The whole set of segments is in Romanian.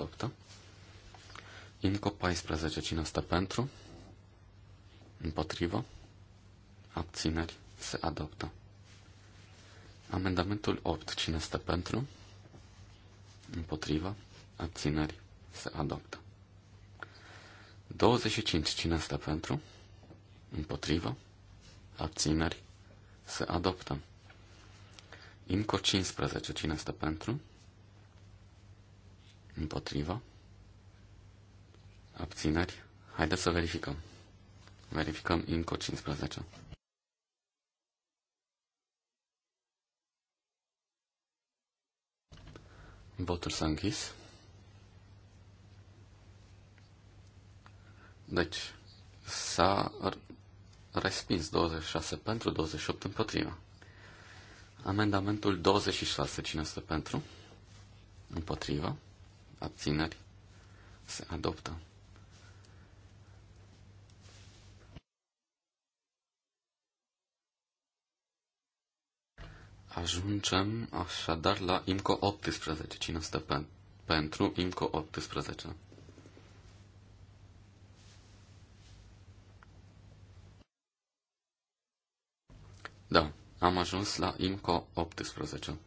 8. Încă 14, cine stă pentru? Împotrivă? Abțineri? Se adoptă. Amendamentul 8, cine stă pentru? Împotrivă? Abțineri? Se adoptă. 25, cine stă pentru? Împotrivă? Abțineri? Se adoptă. IMCO 15, cine stă pentru? Împotriva. Abțineri. Haideți să verificăm. Verificăm INCO 15. Votul s-a închis. Deci, s-a respins 26 pentru, 28 împotriva. Amendamentul 26, cine este pentru? Împotriva abțineri, se adoptă. Ajungem așadar la IMCO 18. Cine stă pe, pentru IMCO 18? Da, am ajuns la IMCO 18.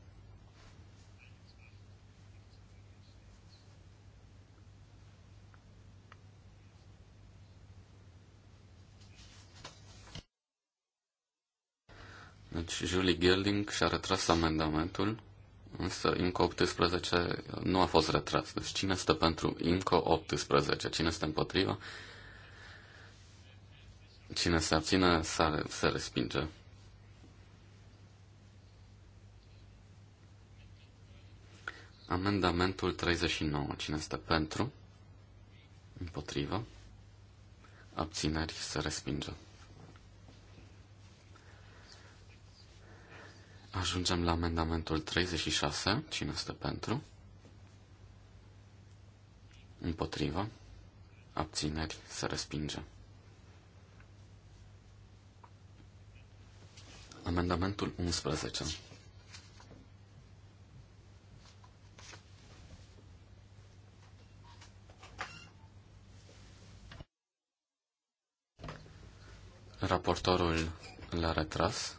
Deci Julie Gelding și-a retras amendamentul, însă INCO 18 nu a fost retras. Deci cine stă pentru INCO 18? Cine stă împotriva? Cine se abține, se respinge. Amendamentul 39. Cine este pentru? Împotrivă? Abțineri se respinge. Ajungem la amendamentul 36. Cine este pentru? Împotrivă. Abțineri. Se respinge. Amendamentul 11. Raportorul l-a retras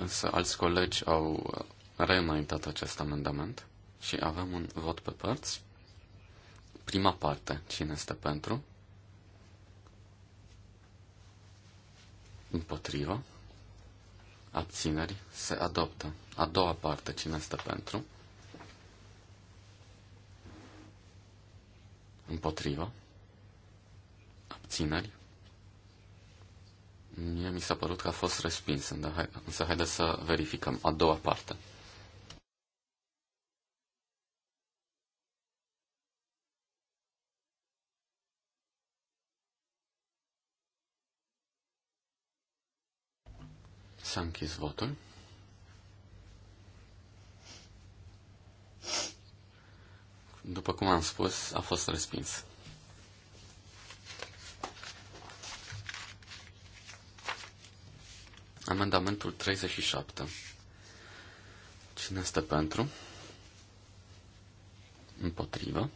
însă alți colegi au reînaintat acest amendament și avem un vot pe părți. Prima parte, cine este pentru? Împotrivă. Abțineri se adoptă. A doua parte, cine este pentru? Împotrivă. Abțineri Mie mi s-a părut că a fost respins, însă haideți să verificăm a doua parte. S-a închis votul. După cum am spus, a fost respins. Amendamentul 37. Cine este pentru? Împotrivă.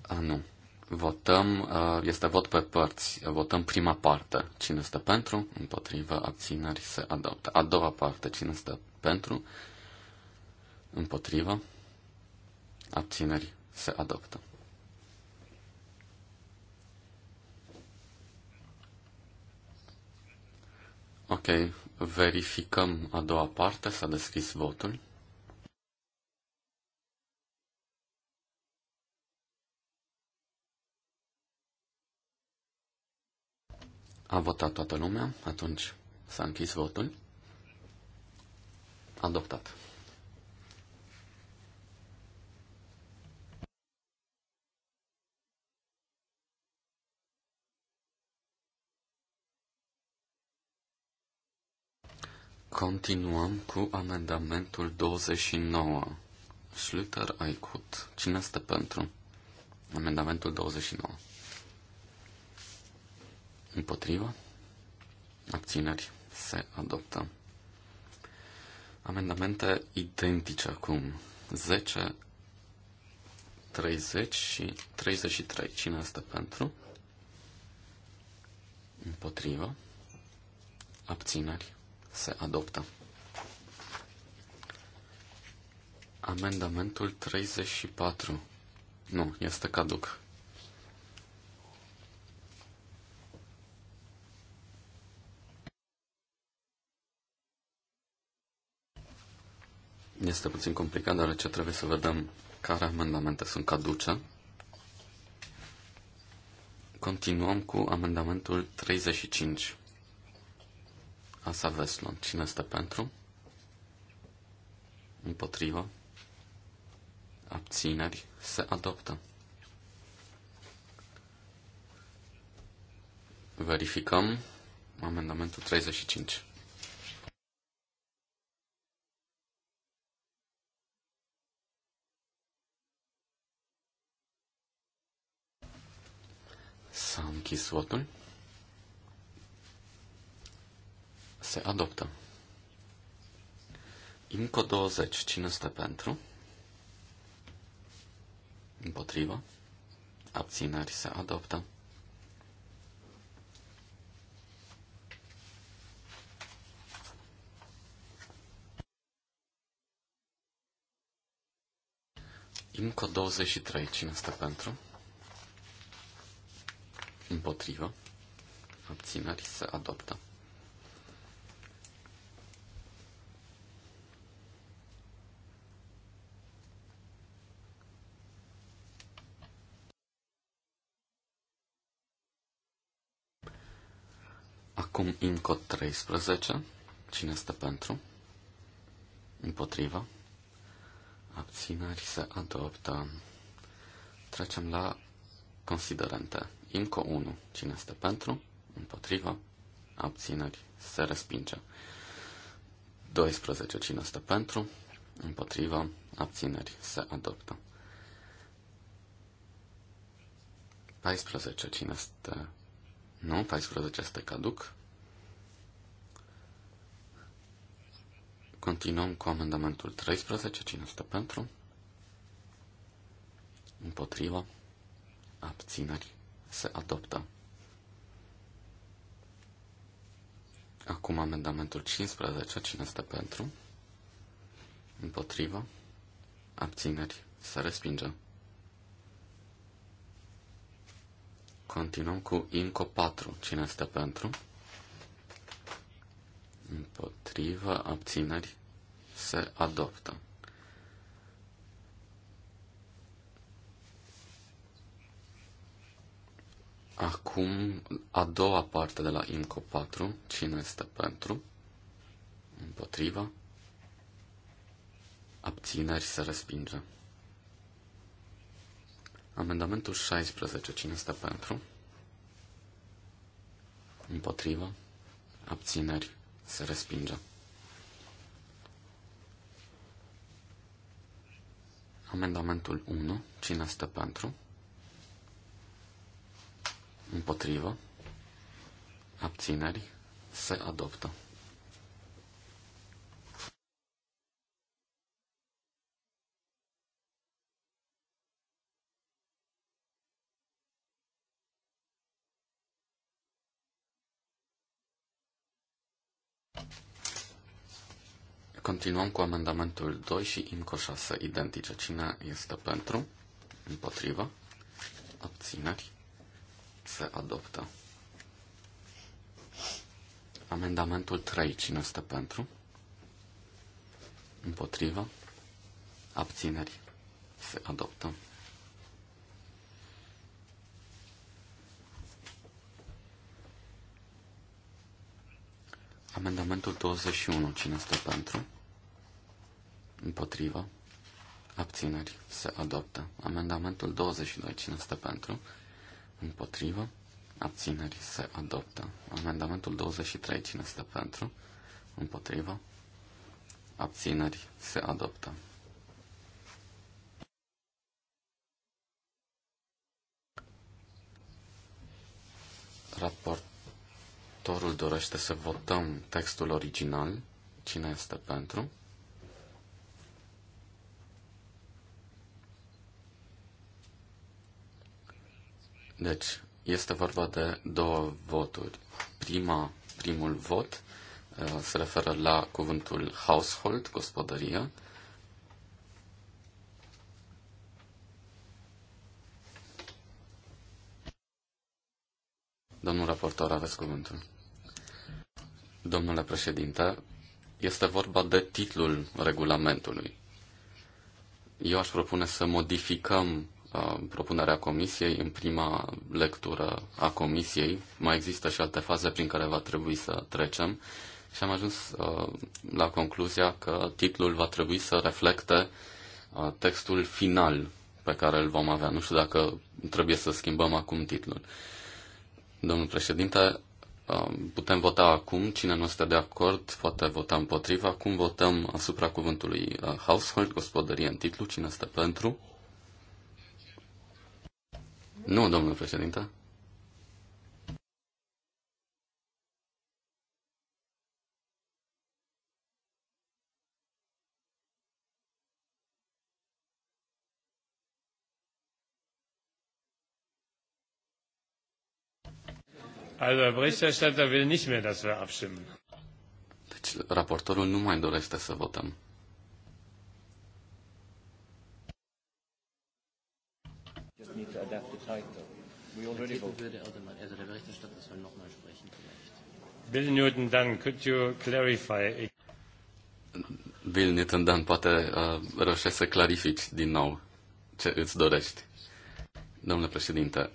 A, nu. Votăm, este vot pe părți. Votăm prima parte. Cine este pentru? Împotrivă. Abțineri se adoptă. A doua parte. Cine este pentru? Împotrivă. Abțineri se adoptă. Ok, verificăm a doua parte, s-a deschis votul. A votat toată lumea, atunci s-a închis votul. Adoptat. Continuăm cu amendamentul 29. Schlüter Aicut. Cine este pentru? Amendamentul 29. Împotriva? Abțineri. Se adoptă. Amendamente identice acum. 10, 30 și 33. Cine este pentru? Împotriva? Abțineri se adoptă. Amendamentul 34. Nu, este caduc. Este puțin complicat, ce trebuie să vedem care amendamente sunt caduce. Continuăm cu amendamentul 35. Asa Veslon. Cine este pentru? Împotrivă. Abțineri. Se adoptă. Verificăm amendamentul 35. S-a închis votul. se adoptă. Inco 20. Cine este pentru? Împotrivă. Abțineri se adoptă. Inco 23. Cine este pentru? Împotrivă. Abțineri se adoptă. Acum INCO 13. Cine este pentru? Împotriva. Abțineri se adoptă. Trecem la considerente. INCO 1. Cine este pentru? Împotriva. Abțineri se respinge. 12. Cine este pentru? Împotriva. Abțineri se adoptă. 14. Cine este... Nu, 14 este caduc. Continuăm cu amendamentul 13. Cine stă pentru? Împotriva. Abțineri. Se adoptă. Acum amendamentul 15. Cine stă pentru? Împotriva. Abțineri. Se respinge. Continuăm cu INCO 4. Cine stă pentru? împotrivă, abținerii se adoptă. Acum, a doua parte de la IMCO 4, cine este pentru, împotriva, abțineri se respinge. Amendamentul 16, cine este pentru, împotriva, abțineri se respinge. Amendamentul 1. Cine stă pentru? Împotrivă. Abțineri. Se adoptă. Continuăm cu amendamentul 2 și IMCO 6 identice. Cine este pentru? Împotrivă? Abțineri? Se adoptă. Amendamentul 3. Cine este pentru? Împotrivă? Abțineri? Se adoptă. Amendamentul 21. Cine este pentru? Împotrivă. Abțineri. Se adoptă. Amendamentul 22. Cine este pentru? Împotrivă. Abțineri. Se adoptă. Amendamentul 23. Cine este pentru? Împotrivă. Abțineri. Se adoptă. Raportorul dorește să votăm textul original. Cine este pentru? Deci, este vorba de două voturi. Prima, primul vot uh, se referă la cuvântul household, gospodărie. Domnul raportor, aveți cuvântul. Domnule președinte, este vorba de titlul regulamentului. Eu aș propune să modificăm Uh, propunerea comisiei în prima lectură a comisiei. Mai există și alte faze prin care va trebui să trecem și am ajuns uh, la concluzia că titlul va trebui să reflecte uh, textul final pe care îl vom avea. Nu știu dacă trebuie să schimbăm acum titlul. Domnul președinte, putem vota acum. Cine nu este de acord poate vota împotriva. Acum votăm asupra cuvântului household, gospodărie în titlu. Cine este pentru? Nu, domnul președinte. Also der Berichterstatter will nicht mehr, dass wir abstimmen. Deci, raportorul nu mai dorește să votăm. Er Bill Newton Dunn, could you clarify? Bill Newton Dunn, poate uh, reușești să clarifici din nou ce îți dorești. Domnule președinte,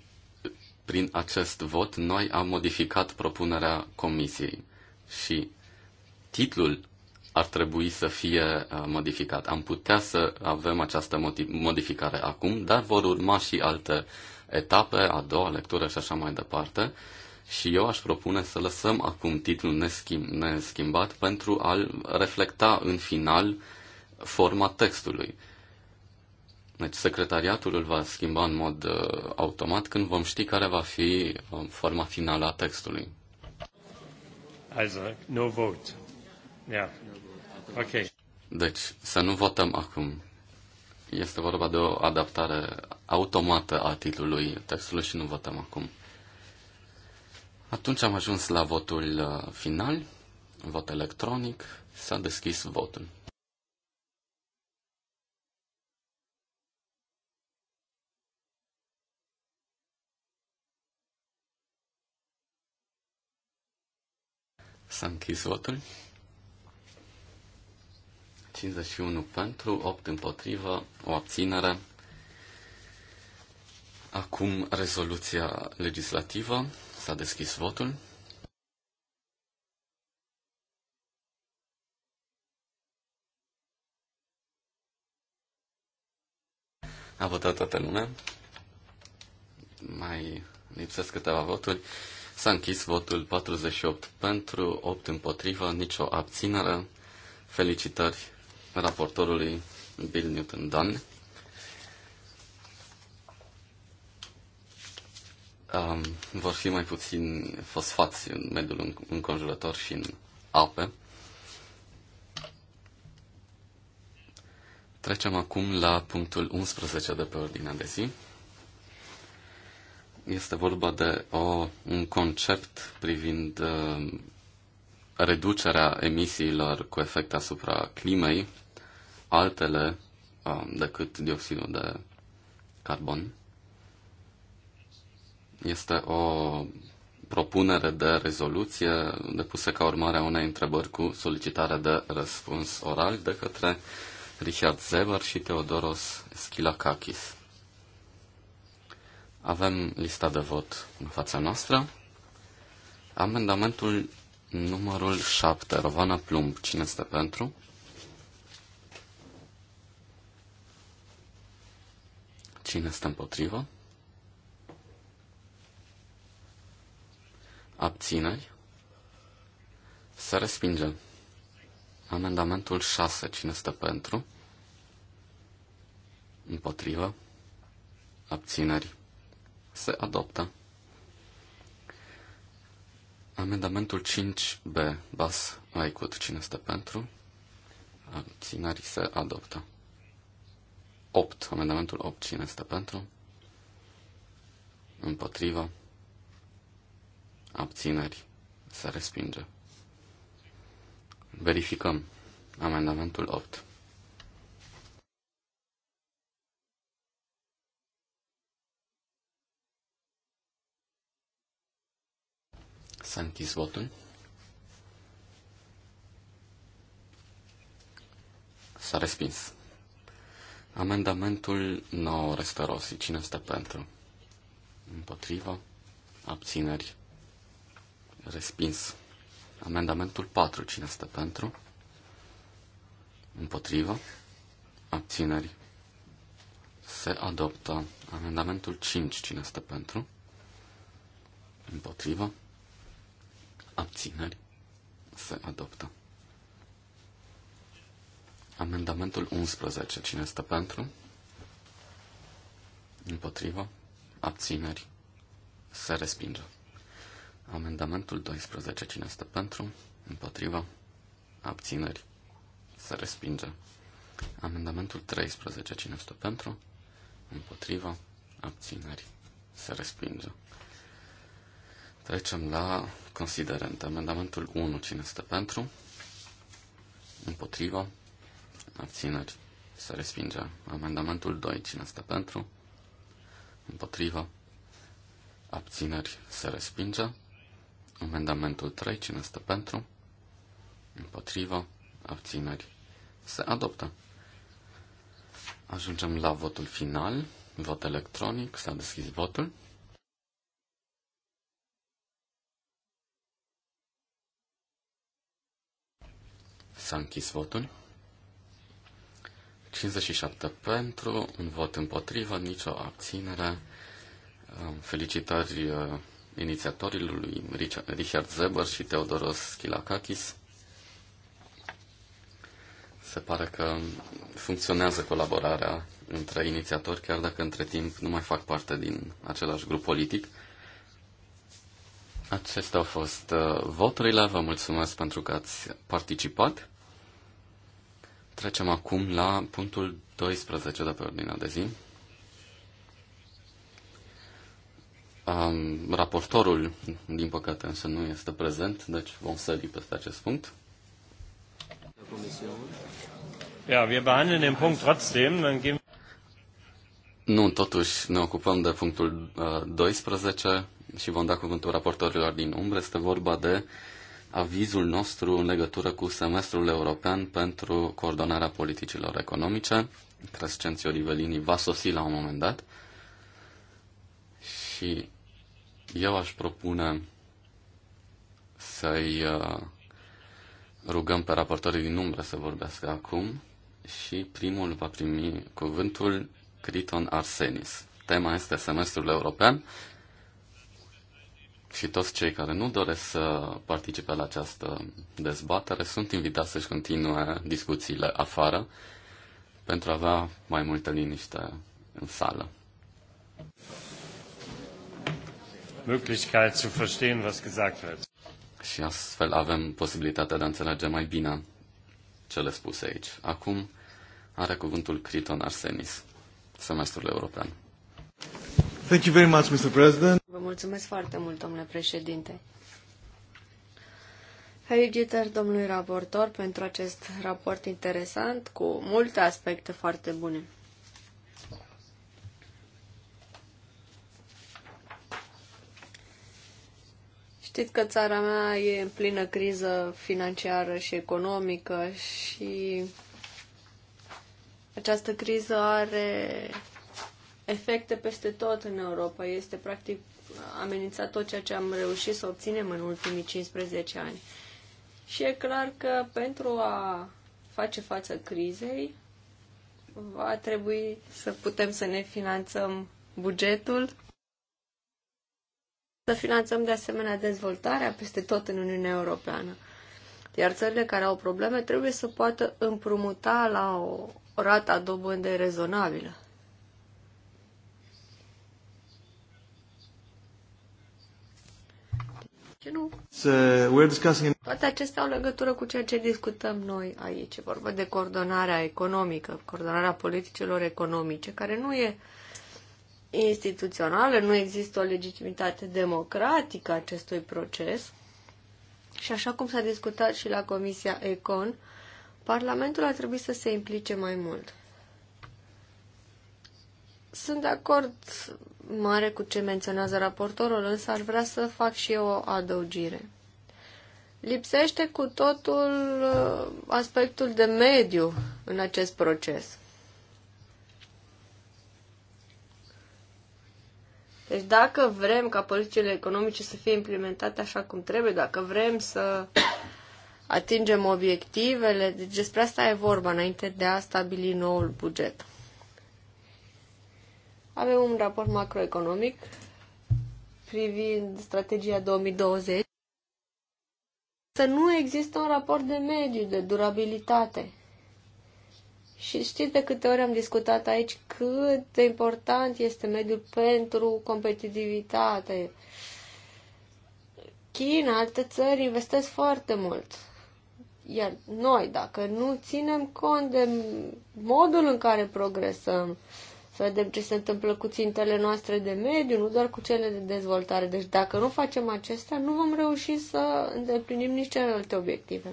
prin acest vot noi am modificat propunerea comisiei și titlul ar trebui să fie uh, modificat. Am putea să avem această modificare acum, dar vor urma și alte etape, a doua lectură și așa mai departe. Și eu aș propune să lăsăm acum titlul neschim, neschimbat pentru a reflecta în final forma textului. Deci secretariatul îl va schimba în mod uh, automat când vom ști care va fi uh, forma finală a textului. Also, no vote. Yeah. Okay. Deci, să nu votăm acum. Este vorba de o adaptare automată a titlului textului și nu votăm acum. Atunci am ajuns la votul uh, final, vot electronic, s-a deschis votul. S-a închis votul. 51 pentru, 8 împotrivă, o abținere. Acum rezoluția legislativă. S-a deschis votul. A votat toată lumea. Mai lipsesc câteva voturi. S-a închis votul 48 pentru, 8 împotrivă, nicio abținere. Felicitări raportorului Bill Newton Dunn. Um, vor fi mai puțin fosfați în mediul înconjurător și în ape. Trecem acum la punctul 11 de pe ordinea de zi. Este vorba de o, un concept privind uh, reducerea emisiilor cu efect asupra climei altele um, decât dioxidul de carbon. Este o propunere de rezoluție depusă ca urmare a unei întrebări cu solicitare de răspuns oral de către Richard Zeber și Teodoros Schilakakis. Avem lista de vot în fața noastră. Amendamentul numărul 7, Rovana Plumb. Cine este pentru? Cine stă împotrivă? Abțineri? Să respingem. Amendamentul 6. Cine stă pentru? Împotrivă? Abțineri? Se adoptă. Amendamentul 5b, bas, aicut, cine este pentru? Abținerii se adoptă. 8. Amendamentul 8. Cine este pentru? Împotrivă. Abțineri. Se respinge. Verificăm. Amendamentul 8. S-a închis votul. S-a respins. Amendamentul 9 Restorosi, Cine este pentru? Împotrivă. Abțineri. Respins. Amendamentul 4. Cine este pentru? Împotrivă. Abțineri. Se adoptă. Amendamentul 5. Cine este pentru? Împotrivă. Abțineri. Se adoptă. Amendamentul 11. Cine este pentru? Împotrivă? Abțineri? Se respinge. Amendamentul 12. Cine este pentru? Împotrivă? Abțineri? Se respinge. Amendamentul 13. Cine este pentru? Împotrivă? Abțineri? Se respinge. Trecem la considerente. Amendamentul 1. Cine este pentru? Împotrivă? abțineri, să respinge. Amendamentul 2, cine este pentru, împotrivă, abțineri, să respinge. Amendamentul 3, cine este pentru, împotrivă, abțineri, se adoptă. Ajungem la votul final, vot electronic, s-a deschis votul. S-a închis votul. 57 pentru, un vot împotrivă, nicio abținere. Felicitări uh, inițiatorilor lui Richard Zeber și Teodoros Schilakakis. Se pare că funcționează colaborarea între inițiatori, chiar dacă între timp nu mai fac parte din același grup politic. Acestea au fost uh, voturile. Vă mulțumesc pentru că ați participat. Trecem acum la punctul 12 de pe ordinea de zi. Um, raportorul, din păcate, însă nu este prezent, deci vom sări peste acest punct. Ja, wir behandeln den Punkt trotzdem, dann gehen nu, totuși ne ocupăm de punctul uh, 12 și vom da cuvântul raportorilor din umbră. Este vorba de uh, avizul nostru în legătură cu semestrul european pentru coordonarea politicilor economice. Crescenții Rivelini va sosi la un moment dat și eu aș propune să-i uh, rugăm pe raportorii din umbră să vorbească acum și primul va primi cuvântul Criton Arsenis. Tema este semestrul european și toți cei care nu doresc să participe la această dezbatere sunt invitați să-și continue discuțiile afară pentru a avea mai multă liniște în sală. Möglichkeit zu verstehen, was gesagt wird. Și astfel avem posibilitatea de a înțelege mai bine cele spuse aici. Acum are cuvântul Criton Arsenis, semestrul european. Thank you very much, Mr. President mulțumesc foarte mult, domnule președinte. Felicitări domnului raportor pentru acest raport interesant cu multe aspecte foarte bune. Știți că țara mea e în plină criză financiară și economică și această criză are efecte peste tot în Europa. Este practic amenințat tot ceea ce am reușit să obținem în ultimii 15 ani. Și e clar că pentru a face față crizei, va trebui să putem să ne finanțăm bugetul, să finanțăm de asemenea dezvoltarea peste tot în Uniunea Europeană. Iar țările care au probleme trebuie să poată împrumuta la o rata dobândei rezonabilă. ce nu. Toate acestea au legătură cu ceea ce discutăm noi aici. E vorba de coordonarea economică, coordonarea politicilor economice, care nu e instituțională, nu există o legitimitate democratică a acestui proces. Și așa cum s-a discutat și la Comisia Econ, Parlamentul a trebuit să se implice mai mult. Sunt de acord mare cu ce menționează raportorul, însă ar vrea să fac și eu o adăugire. Lipsește cu totul uh, aspectul de mediu în acest proces. Deci dacă vrem ca politicile economice să fie implementate așa cum trebuie, dacă vrem să atingem obiectivele, deci despre asta e vorba înainte de a stabili noul buget. Avem un raport macroeconomic privind strategia 2020. Să nu există un raport de mediu, de durabilitate. Și știți de câte ori am discutat aici cât de important este mediul pentru competitivitate. China, alte țări investesc foarte mult. Iar noi, dacă nu ținem cont de modul în care progresăm, uh, să vedem ce se întâmplă cu țintele noastre de mediu, nu doar cu cele de dezvoltare. Deci dacă nu facem acestea, nu vom reuși să îndeplinim nici celelalte obiective.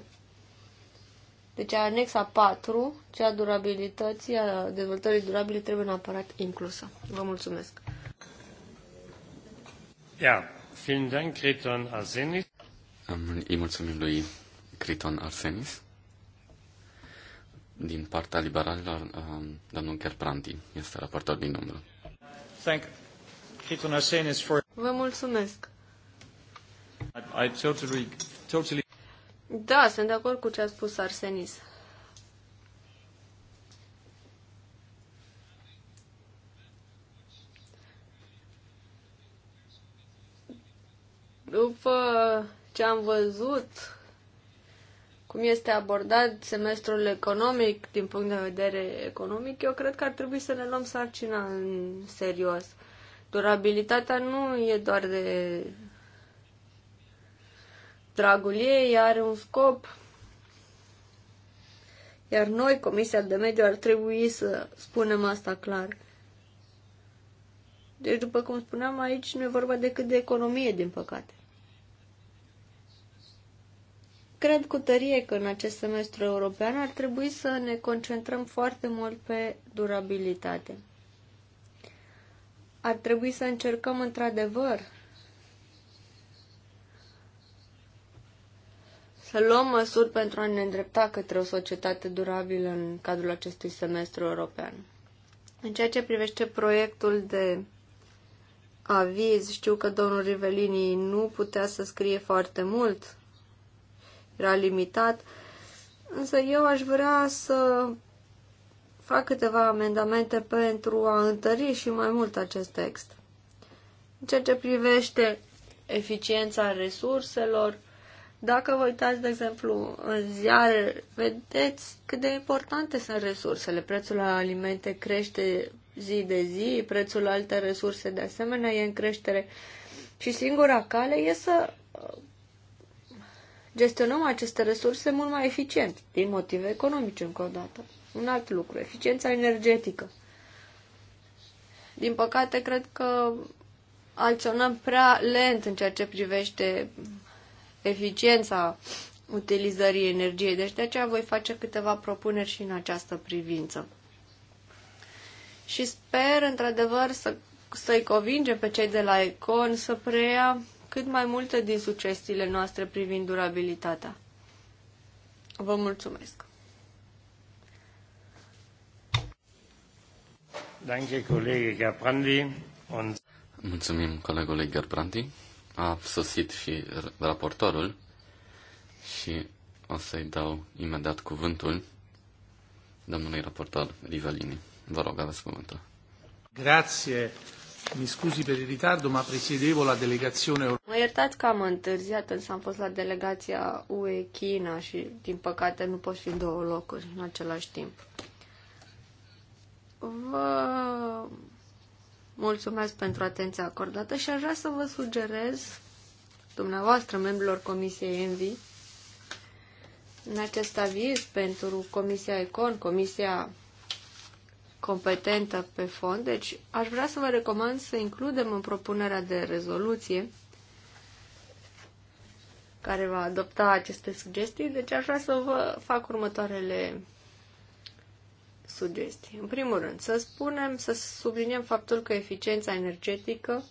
Deci anexa 4, cea durabilității, a dezvoltării durabile, trebuie neapărat inclusă. Vă mulțumesc. Ja, vielen Dank, Kriton Arsenis. Îi mulțumim lui Criton Arsenis din partea liberalilor, um, domnul Gerbrandi este raportor din umbră. Thank Vă mulțumesc. I, I totally, totally... Da, sunt de acord cu ce a spus Arsenis. După ce am văzut cum este abordat semestrul economic din punct de vedere economic, eu cred că ar trebui să ne luăm sarcina în serios. Durabilitatea nu e doar de dragul ei, are un scop. Iar noi, Comisia de Mediu, ar trebui să spunem asta clar. Deci, după cum spuneam, aici nu e vorba decât de economie, din păcate. Cred cu tărie că în acest semestru european ar trebui să ne concentrăm foarte mult pe durabilitate. Ar trebui să încercăm într-adevăr să luăm măsuri pentru a ne îndrepta către o societate durabilă în cadrul acestui semestru european. În ceea ce privește proiectul de aviz, știu că domnul Rivelini nu putea să scrie foarte mult era limitat. Însă eu aș vrea să fac câteva amendamente pentru a întări și mai mult acest text. În ceea ce privește eficiența resurselor, dacă vă uitați, de exemplu, în ziare, vedeți cât de importante sunt resursele. Prețul la alimente crește zi de zi, prețul la alte resurse de asemenea e în creștere. Și singura cale e să gestionăm aceste resurse mult mai eficient, din motive economice încă o dată. Un alt lucru, eficiența energetică. Din păcate, cred că acționăm prea lent în ceea ce privește eficiența utilizării energiei. Deci de aceea voi face câteva propuneri și în această privință. Și sper, într-adevăr, să, să-i convingem pe cei de la Econ să preia cât mai multe din sugestiile noastre privind durabilitatea. Vă mulțumesc! Danke, Kollege Gerbrandi. Und... Mulțumim colegului Gerbrandi. A sosit și raportorul și o să-i dau imediat cuvântul domnului raportor Rivalini. Vă rog, aveți cuvântul. Grazie. Mi scuzi per il ritardo, ma presiedevo la delegazione Mă iertați că am întârziat, însă am fost la delegația UE China și, din păcate, nu pot fi în două locuri în același timp. Vă mulțumesc pentru atenția acordată și aș vrea să vă sugerez, dumneavoastră, membrilor Comisiei Envi, în acest aviz pentru Comisia Econ, Comisia competentă pe fond, deci aș vrea să vă recomand să includem în propunerea de rezoluție care va adopta aceste sugestii, deci aș vrea să vă fac următoarele sugestii. În primul rând, să spunem, să subliniem faptul că eficiența energetică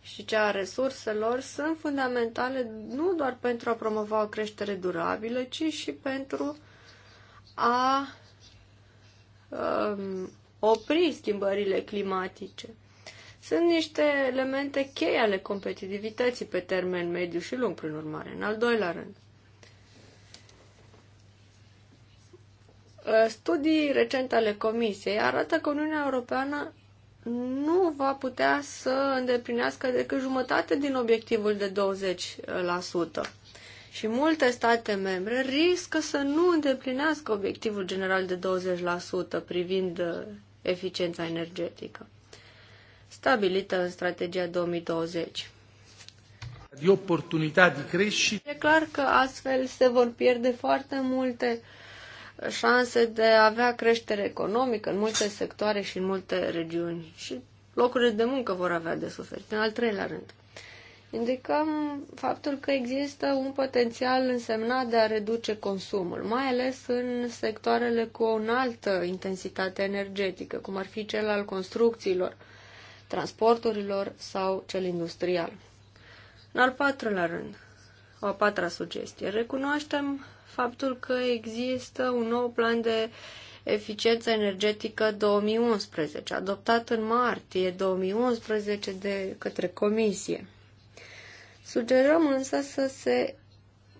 și cea a resurselor sunt fundamentale nu doar pentru a promova o creștere durabilă, ci și pentru a um, opri schimbările climatice. Sunt niște elemente cheie ale competitivității pe termen mediu și lung, prin urmare, în al doilea rând. Uh, studii recente ale Comisiei arată că Uniunea Europeană nu va putea să îndeplinească decât jumătate din obiectivul de 20% și multe state membre riscă să nu îndeplinească obiectivul general de 20% privind uh, eficiența energetică, stabilită în strategia 2020. De oportunità de creștere. E clar că astfel se vor pierde foarte multe uh, șanse de a avea creștere economică în multe sectoare și în multe regiuni și locurile de muncă vor avea de suferit. În al treilea rând, indicăm faptul că există un potențial însemnat de a reduce consumul, mai ales în sectoarele cu o înaltă intensitate energetică, cum ar fi cel al construcțiilor, transporturilor sau cel industrial. În al patrulea rând, o a patra sugestie, recunoaștem faptul că există un nou plan de eficiență energetică 2011, adoptat în martie 2011 de către Comisie Sugerăm însă să se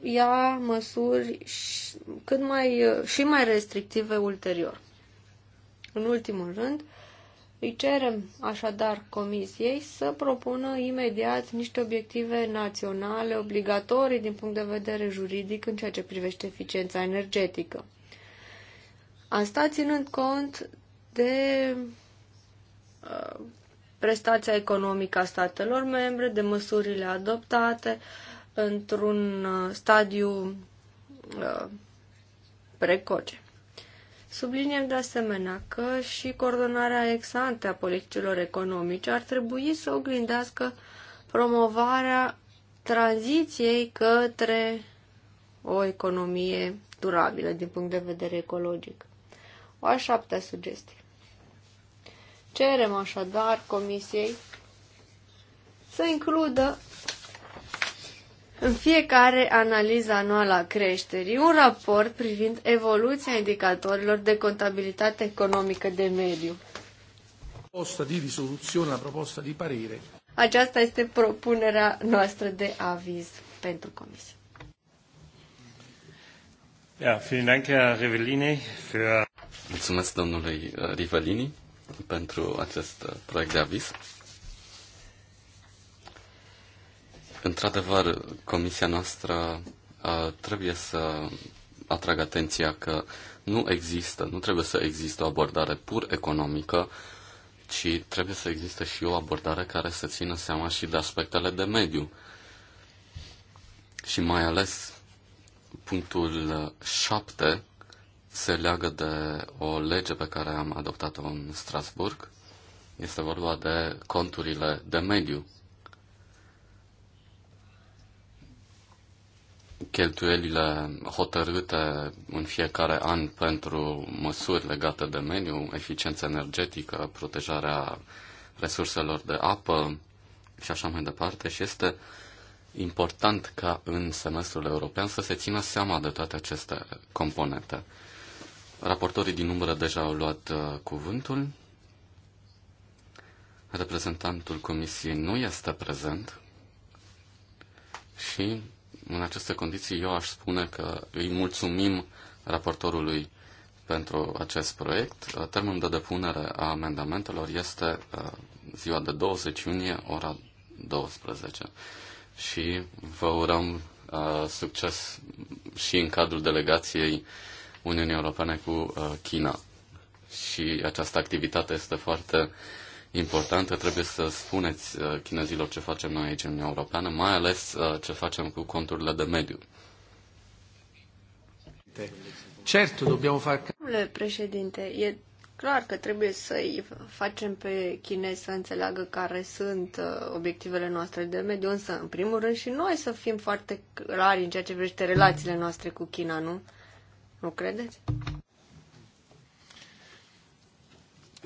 ia măsuri cât mai, și mai restrictive ulterior. În ultimul rând, îi cerem așadar Comisiei să propună imediat niște obiective naționale obligatorii din punct de vedere juridic în ceea ce privește eficiența energetică. Asta ținând cont de uh, prestația economică a statelor membre, de măsurile adoptate într-un uh, stadiu uh, precoce. Subliniem de asemenea că și coordonarea exante a politicilor economice ar trebui să oglindească promovarea tranziției către o economie durabilă din punct de vedere ecologic. O a șaptea sugestie. Cerem așadar Comisiei să includă în fiecare analiză anuală a creșterii un raport privind evoluția indicatorilor de contabilitate economică de mediu. Proposta de risoluțiune la proposta de parere. Aceasta este propunerea noastră de aviz pentru Comisie. Ja, vielen Dank, Herr Rivellini, für... Mulțumesc domnului uh, Rivellini pentru acest uh, proiect de aviz. Într-adevăr, comisia noastră uh, trebuie să atragă atenția că nu există, nu trebuie să există o abordare pur economică, ci trebuie să existe și o abordare care să țină seama și de aspectele de mediu. Și mai ales punctul 7 se leagă de o lege pe care am adoptat-o în Strasburg. Este vorba de conturile de mediu. Cheltuielile hotărâte în fiecare an pentru măsuri legate de mediu, eficiență energetică, protejarea resurselor de apă și așa mai departe. Și este important ca în semestrul european să se țină seama de toate aceste componente. Raportorii din umbră deja au luat uh, cuvântul. Reprezentantul comisiei nu este prezent și în aceste condiții eu aș spune că îi mulțumim raportorului pentru acest proiect. Uh, termenul de depunere a amendamentelor este uh, ziua de 20 iunie, ora 12. Și vă urăm succes și în cadrul delegației Uniunii Europene cu uh, China. Și această activitate este foarte importantă. Trebuie să spuneți uh, chinezilor ce facem noi aici în Uniunea Europeană, mai ales uh, ce facem cu conturile de mediu. Certo, dobbiamo far... Domnule președinte, e clar că trebuie să-i facem pe chinezi să înțeleagă care sunt obiectivele noastre de mediu, însă, în primul rând, și noi să fim foarte clari în ceea ce privește relațiile noastre cu China, nu? Nu credeți?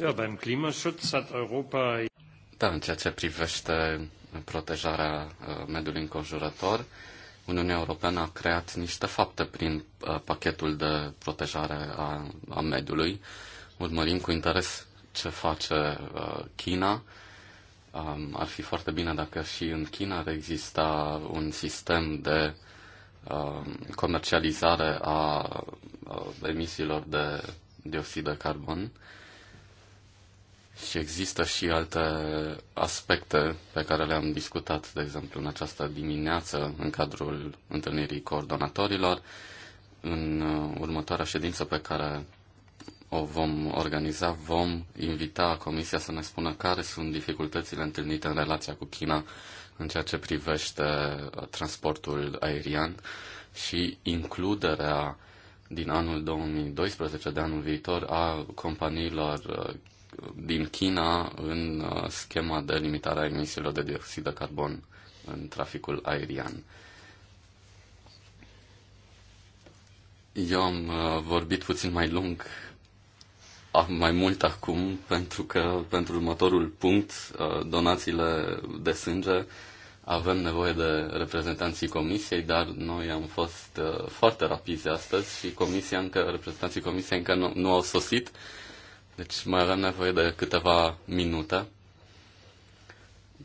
Ja, beim Klimaschutz hat Europa... Da, în ceea ce privește protejarea uh, mediului înconjurător, Uniunea Europeană a creat niște fapte prin uh, pachetul de protejare a, a mediului. Urmărim cu interes ce face uh, China. Um, ar fi foarte bine dacă și în China ar exista un sistem de uh, Um, comercializare a emisiilor de dioxid de carbon. Și există și alte aspecte pe care le-am discutat, de exemplu, în această dimineață, în cadrul întâlnirii coordonatorilor, în uh, următoarea ședință pe care o vom organiza, vom invita Comisia să ne spună care sunt dificultățile întâlnite în relația cu China în ceea ce privește uh, transportul aerian și includerea din anul 2012, de anul viitor, a companiilor uh, din China în uh, schema de limitare a emisiilor de dioxid de carbon în traficul aerian. Eu am vorbit puțin mai lung mai mult acum pentru că pentru următorul punct, uh, donațiile de sânge, avem nevoie de reprezentanții comisiei, dar noi am fost uh, foarte rapizi astăzi și comisia încă, reprezentanții comisiei încă nu, nu au sosit, deci mai avem nevoie de câteva minute.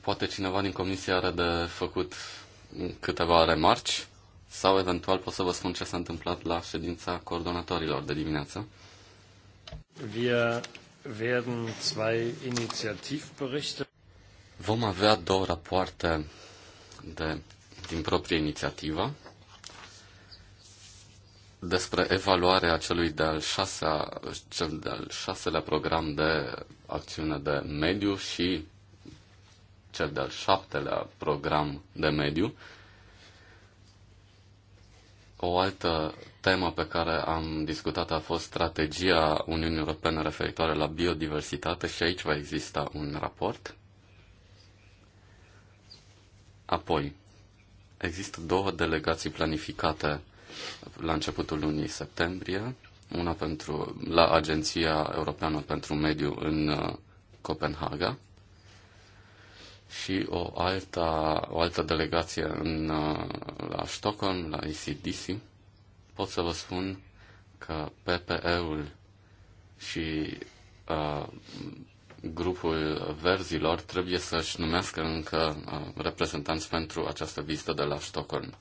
Poate cineva din comisie are de făcut câteva remarci sau eventual pot să vă spun ce s-a întâmplat la ședința coordonatorilor de dimineață. Wir werden zwei Initiativberichte. Vom avea două rapoarte de, din proprie inițiativă despre evaluarea celui de-al șasea, cel de-al șaselea program de acțiune de mediu și cel de-al șaptelea program de mediu. O altă tema pe care am discutat a fost strategia Uniunii Europene referitoare la biodiversitate și aici va exista un raport. Apoi, există două delegații planificate la începutul lunii septembrie, una pentru, la Agenția Europeană pentru Mediu în uh, Copenhaga și o alta, o altă delegație în, uh, la Stockholm, la ECDC pot să vă spun că PPE-ul și uh, grupul verzilor trebuie să-și numească încă uh, reprezentanți pentru această vizită de la Stockholm.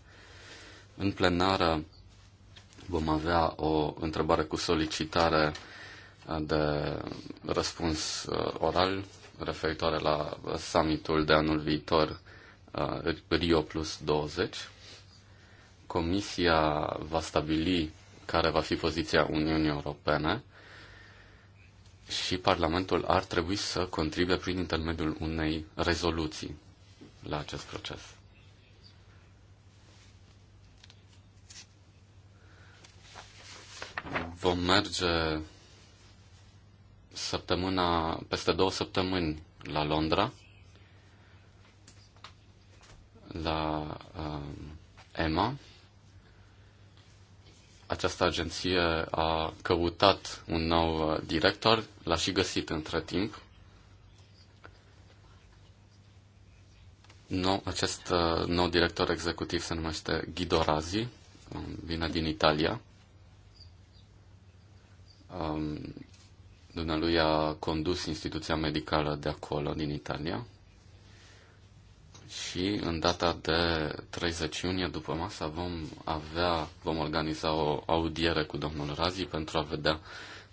În plenară vom avea o întrebare cu solicitare uh, de răspuns uh, oral referitoare la summitul de anul viitor uh, Rio plus 20 Comisia va stabili care va fi poziția Uniunii Europene și Parlamentul ar trebui să contribuie prin intermediul unei rezoluții la acest proces. Vom merge săptămâna, peste două săptămâni la Londra, la uh, EMA, această agenție a căutat un nou uh, director, l-a și găsit între timp. Nou, acest uh, nou director executiv se numește Guido Razi, um, vine din Italia. Um, dumnealui a condus instituția medicală de acolo, din Italia, și în data de 30 iunie după masa vom avea, vom organiza o audiere cu domnul Razi pentru a vedea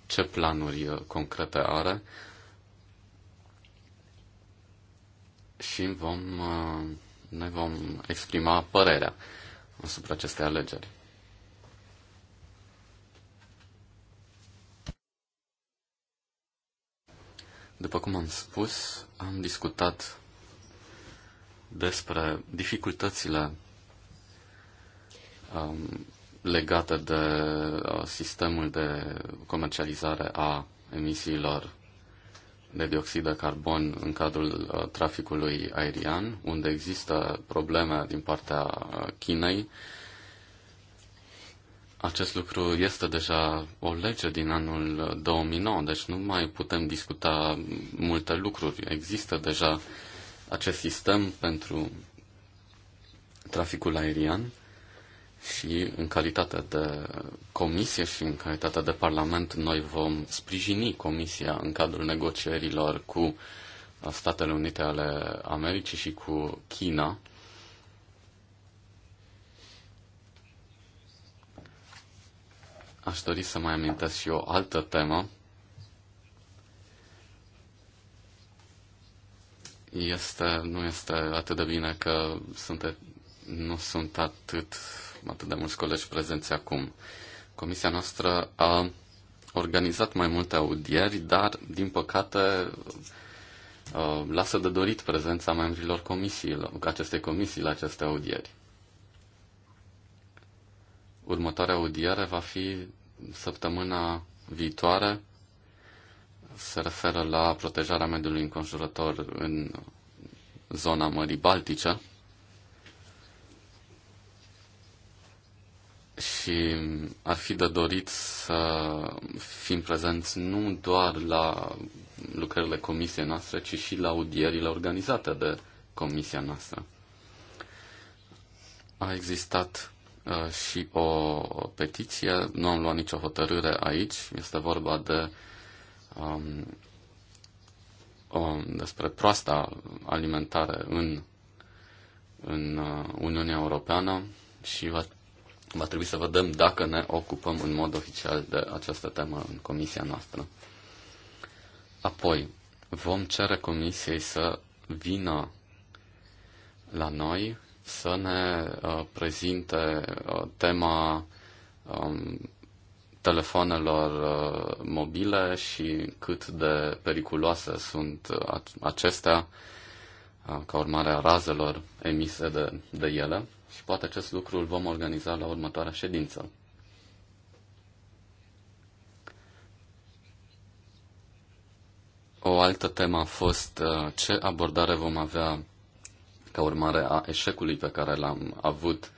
ce planuri uh, concrete are și vom, uh, ne vom exprima părerea asupra acestei alegeri. După cum am spus, am discutat despre dificultățile um, legate de uh, sistemul de comercializare a emisiilor de dioxid de carbon în cadrul uh, traficului aerian, unde există probleme din partea uh, Chinei. Acest lucru este deja o lege din anul 2009, uh, deci nu mai putem discuta multe lucruri. Există deja uh, acest sistem pentru traficul aerian și în calitate de comisie și în calitate de parlament noi vom sprijini comisia în cadrul negocierilor cu Statele Unite ale Americii și cu China. Aș dori să mai amintesc și o altă temă este, nu este atât de bine că sunt, nu sunt atât, atât de mulți colegi prezenți acum. Comisia noastră a organizat mai multe audieri, dar, din păcate, ă, lasă de dorit prezența membrilor comisiilor, acestei comisii la aceste audieri. Următoarea audiere va fi săptămâna viitoare, se referă la protejarea mediului înconjurător în zona Mării Baltice. Și ar fi de dorit să fim prezenți nu doar la lucrările comisiei noastre, ci și la audierile organizate de comisia noastră. A existat uh, și o petiție, nu am luat nicio hotărâre aici, este vorba de uh, um, um, despre proasta alimentare în, în uh, Uniunea Europeană și va, va trebui să vedem dacă ne ocupăm în mod oficial de această temă în comisia noastră. Apoi, vom cere comisiei să vină la noi să ne uh, prezinte uh, tema um, telefonelor uh, mobile și cât de periculoase sunt uh, acestea uh, ca urmare a razelor emise de, de ele și poate acest lucru îl vom organiza la următoarea ședință. O altă temă a fost ce abordare vom avea ca urmare a eșecului pe care l-am avut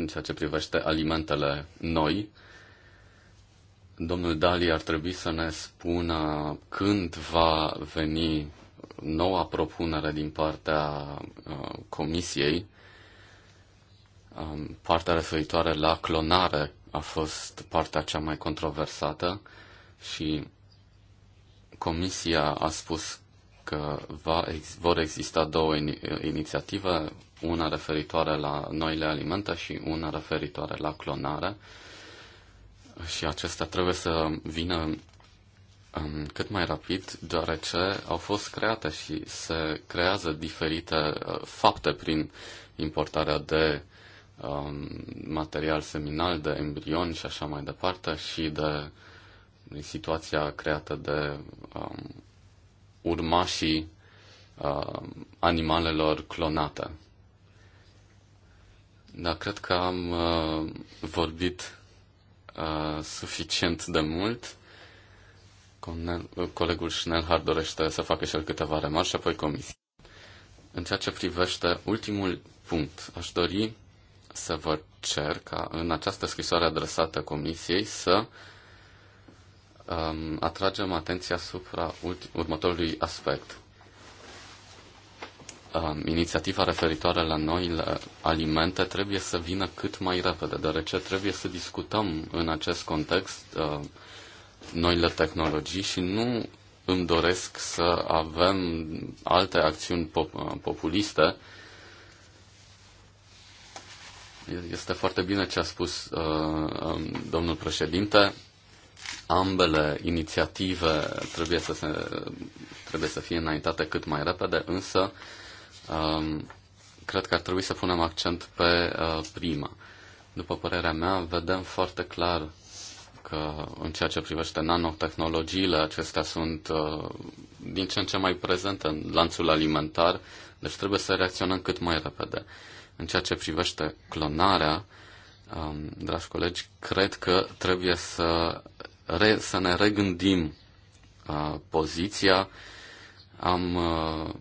în ceea ce privește alimentele noi, domnul Dali ar trebui să ne spună când va veni noua propunere din partea uh, Comisiei, um, partea referitoare la clonare a fost partea cea mai controversată și Comisia a spus că va, vor exista două inițiative, una referitoare la noile alimente și una referitoare la clonare. Și acestea trebuie să vină um, cât mai rapid, deoarece au fost create și se creează diferite uh, fapte prin importarea de um, material seminal, de embrion și așa mai departe, și de situația creată de um, urmașii uh, animalelor clonate. Dar cred că am uh, vorbit uh, suficient de mult. Uh, colegul Schnellhardt dorește să facă și el câteva remarci și apoi comisie. În ceea ce privește ultimul punct, aș dori să vă cer ca în această scrisoare adresată comisiei să uh, um, atragem atenția asupra următorului aspect. Um, inițiativa referitoare la noile alimente trebuie să vină cât mai repede, deoarece trebuie să discutăm în acest context uh, noile tehnologii și nu îmi doresc să avem alte acțiuni pop- uh, populiste. Este foarte bine ce a spus uh, um, domnul președinte. Ambele inițiative trebuie să, se, trebuie să fie înaintate cât mai repede, însă um, cred că ar trebui să punem accent pe uh, prima. După părerea mea, vedem foarte clar că în ceea ce privește nanotehnologiile, acestea sunt uh, din ce în ce mai prezente în lanțul alimentar, deci trebuie să reacționăm cât mai repede. În ceea ce privește clonarea, um, dragi colegi, cred că trebuie să re, să ne regândim uh, poziția. Am uh,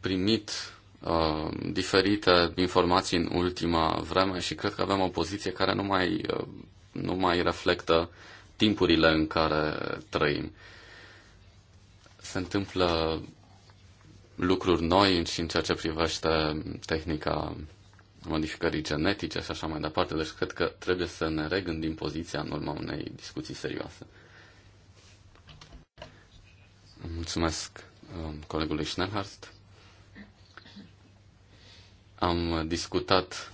primit uh, diferite informații în ultima vreme și cred că avem o poziție care nu mai, uh, nu mai reflectă timpurile în care trăim. Se întâmplă lucruri noi și în ceea ce privește tehnica modificării genetice și așa mai departe. Deci cred că trebuie să ne regândim poziția în urma unei discuții serioase. Mulțumesc um, colegului Schnellhardt. Am discutat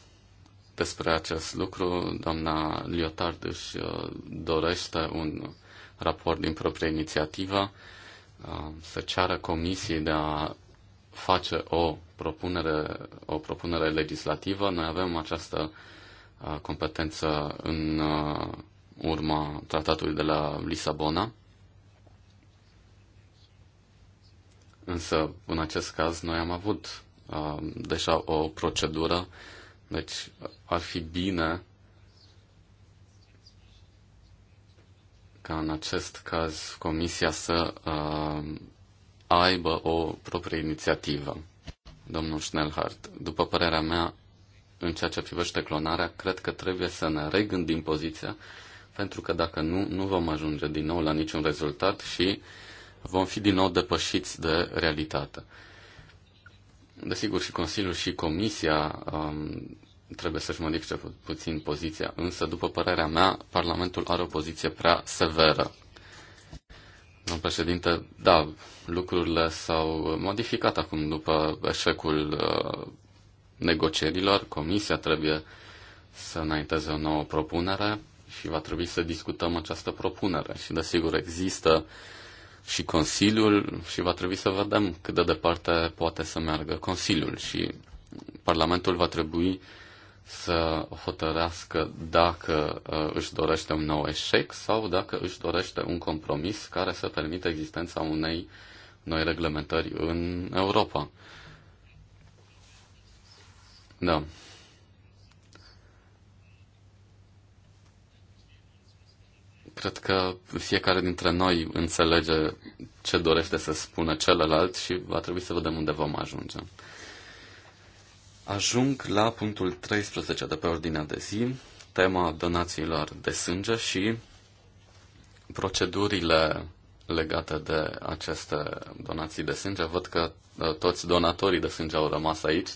despre acest lucru. Doamna Liotard își uh, dorește un raport din proprie inițiativă uh, să ceară comisiei de a face o propunere, o propunere legislativă. Noi avem această uh, competență în uh, urma tratatului de la Lisabona. Însă, în acest caz, noi am avut uh, deja o procedură, deci ar fi bine ca în acest caz Comisia să uh, aibă o proprie inițiativă. Domnul Schnellhardt, după părerea mea, în ceea ce privește clonarea, cred că trebuie să ne regândim poziția, pentru că dacă nu, nu vom ajunge din nou la niciun rezultat și vom fi din nou depășiți de realitate. Desigur, și Consiliul și Comisia um, trebuie să-și modifice pu- puțin poziția, însă, după părerea mea, Parlamentul are o poziție prea severă. Domnul președinte, da, lucrurile s-au modificat acum după eșecul uh, negocierilor. Comisia trebuie să înainteze o nouă propunere și va trebui să discutăm această propunere. Și desigur există și Consiliul și va trebui să vedem cât de departe poate să meargă Consiliul și Parlamentul va trebui uh, să hotărească dacă uh, își dorește un nou eșec sau dacă își dorește un compromis care să permită existența unei noi reglementări în Europa. Da. Cred că fiecare dintre noi înțelege ce dorește să spună celălalt și va trebui să vedem unde vom ajunge. Ajung la punctul 13 de pe ordinea de zi, tema donațiilor de sânge și procedurile legate de aceste donații de sânge. Văd că uh, toți donatorii de sânge au rămas aici.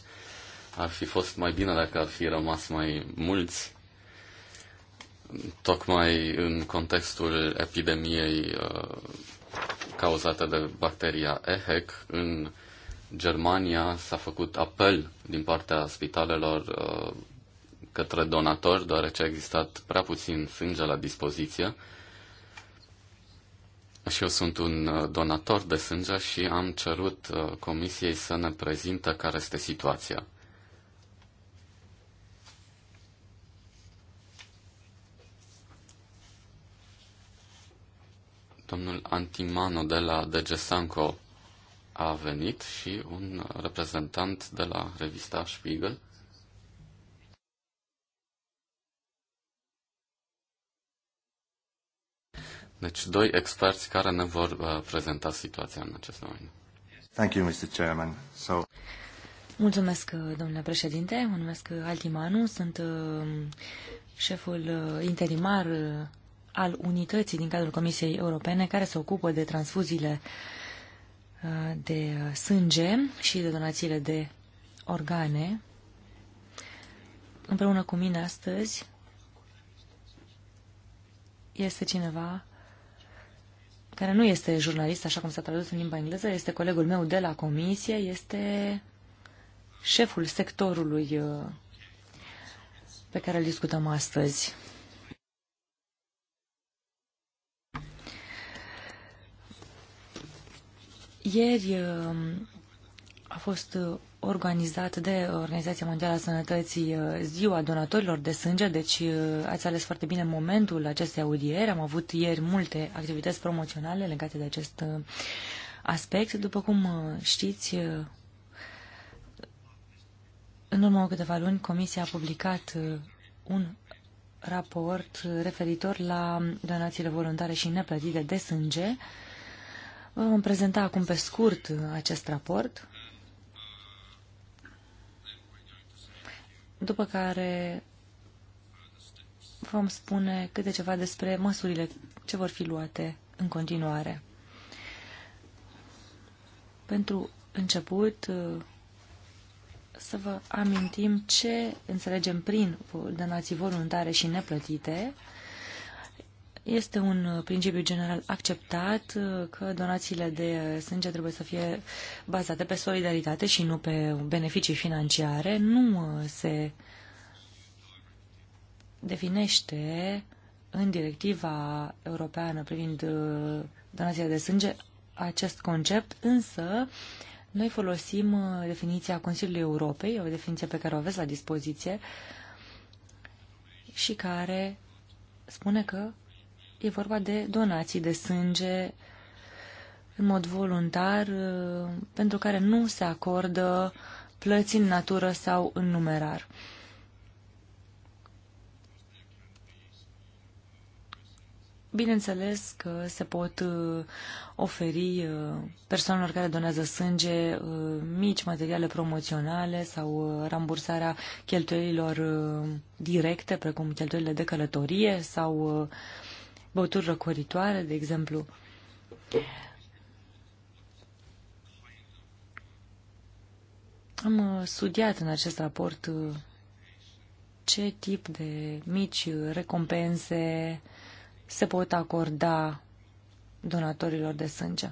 Ar fi fost mai bine dacă ar fi rămas mai mulți, tocmai în contextul epidemiei uh, cauzate de bacteria EHEC în Germania s-a făcut apel din partea spitalelor uh, către donatori, deoarece a existat prea puțin sânge la dispoziție. Și eu sunt un uh, donator de sânge și am cerut uh, comisiei să ne prezintă care este situația. Domnul Antimano de la DG Sanco a venit și un reprezentant de la revista Spiegel. Deci doi experți care ne vor uh, prezenta situația în acest moment. Thank you, Mr. Chairman. So... Mulțumesc, uh, domnule președinte. Mă numesc uh, Altimanu. Sunt șeful interimar al unității din cadrul Comisiei Europene care se ocupă de transfuziile uh, de sânge și de donațiile de organe. Împreună cu mine astăzi este cineva care nu este jurnalist, așa cum s-a tradus în limba engleză, este colegul meu de la comisie, este șeful sectorului uh, pe care îl discutăm astăzi. Ieri um, a fost uh, organizat de Organizația Mondială a Sănătății uh, Ziua Donatorilor de Sânge, deci uh, ați ales foarte bine momentul acestei audieri. Am avut ieri multe activități promoționale legate de acest aspect. După cum știți, în urmă câteva luni, Comisia a publicat un raport referitor la donațiile voluntare și neplătite de sânge, Vă vom prezenta acum pe scurt acest raport, după care vom spune câte ceva despre măsurile ce vor fi luate în continuare. Pentru început, să vă amintim ce înțelegem prin donații voluntare și neplătite, este un uh, principiu general acceptat uh, că donațiile de uh, sânge trebuie să fie bazate pe solidaritate și nu pe beneficii financiare. Nu se definește în directiva europeană privind donația de sânge acest concept, însă noi folosim definiția Consiliului Europei, o definiție pe care o aveți la dispoziție și care spune că E vorba de donații de sânge în mod voluntar, uh, pentru care nu se acordă plăți în natură sau în numerar. Bineînțeles că se pot uh, oferi uh, persoanelor care donează sânge mici materiale promoționale sau rambursarea cheltuielilor directe, precum cheltuielile de călătorie sau băuturi răcoritoare, de exemplu. Am uh, studiat în acest raport uh, ce tip de mici recompense se pot acorda donatorilor de sânge.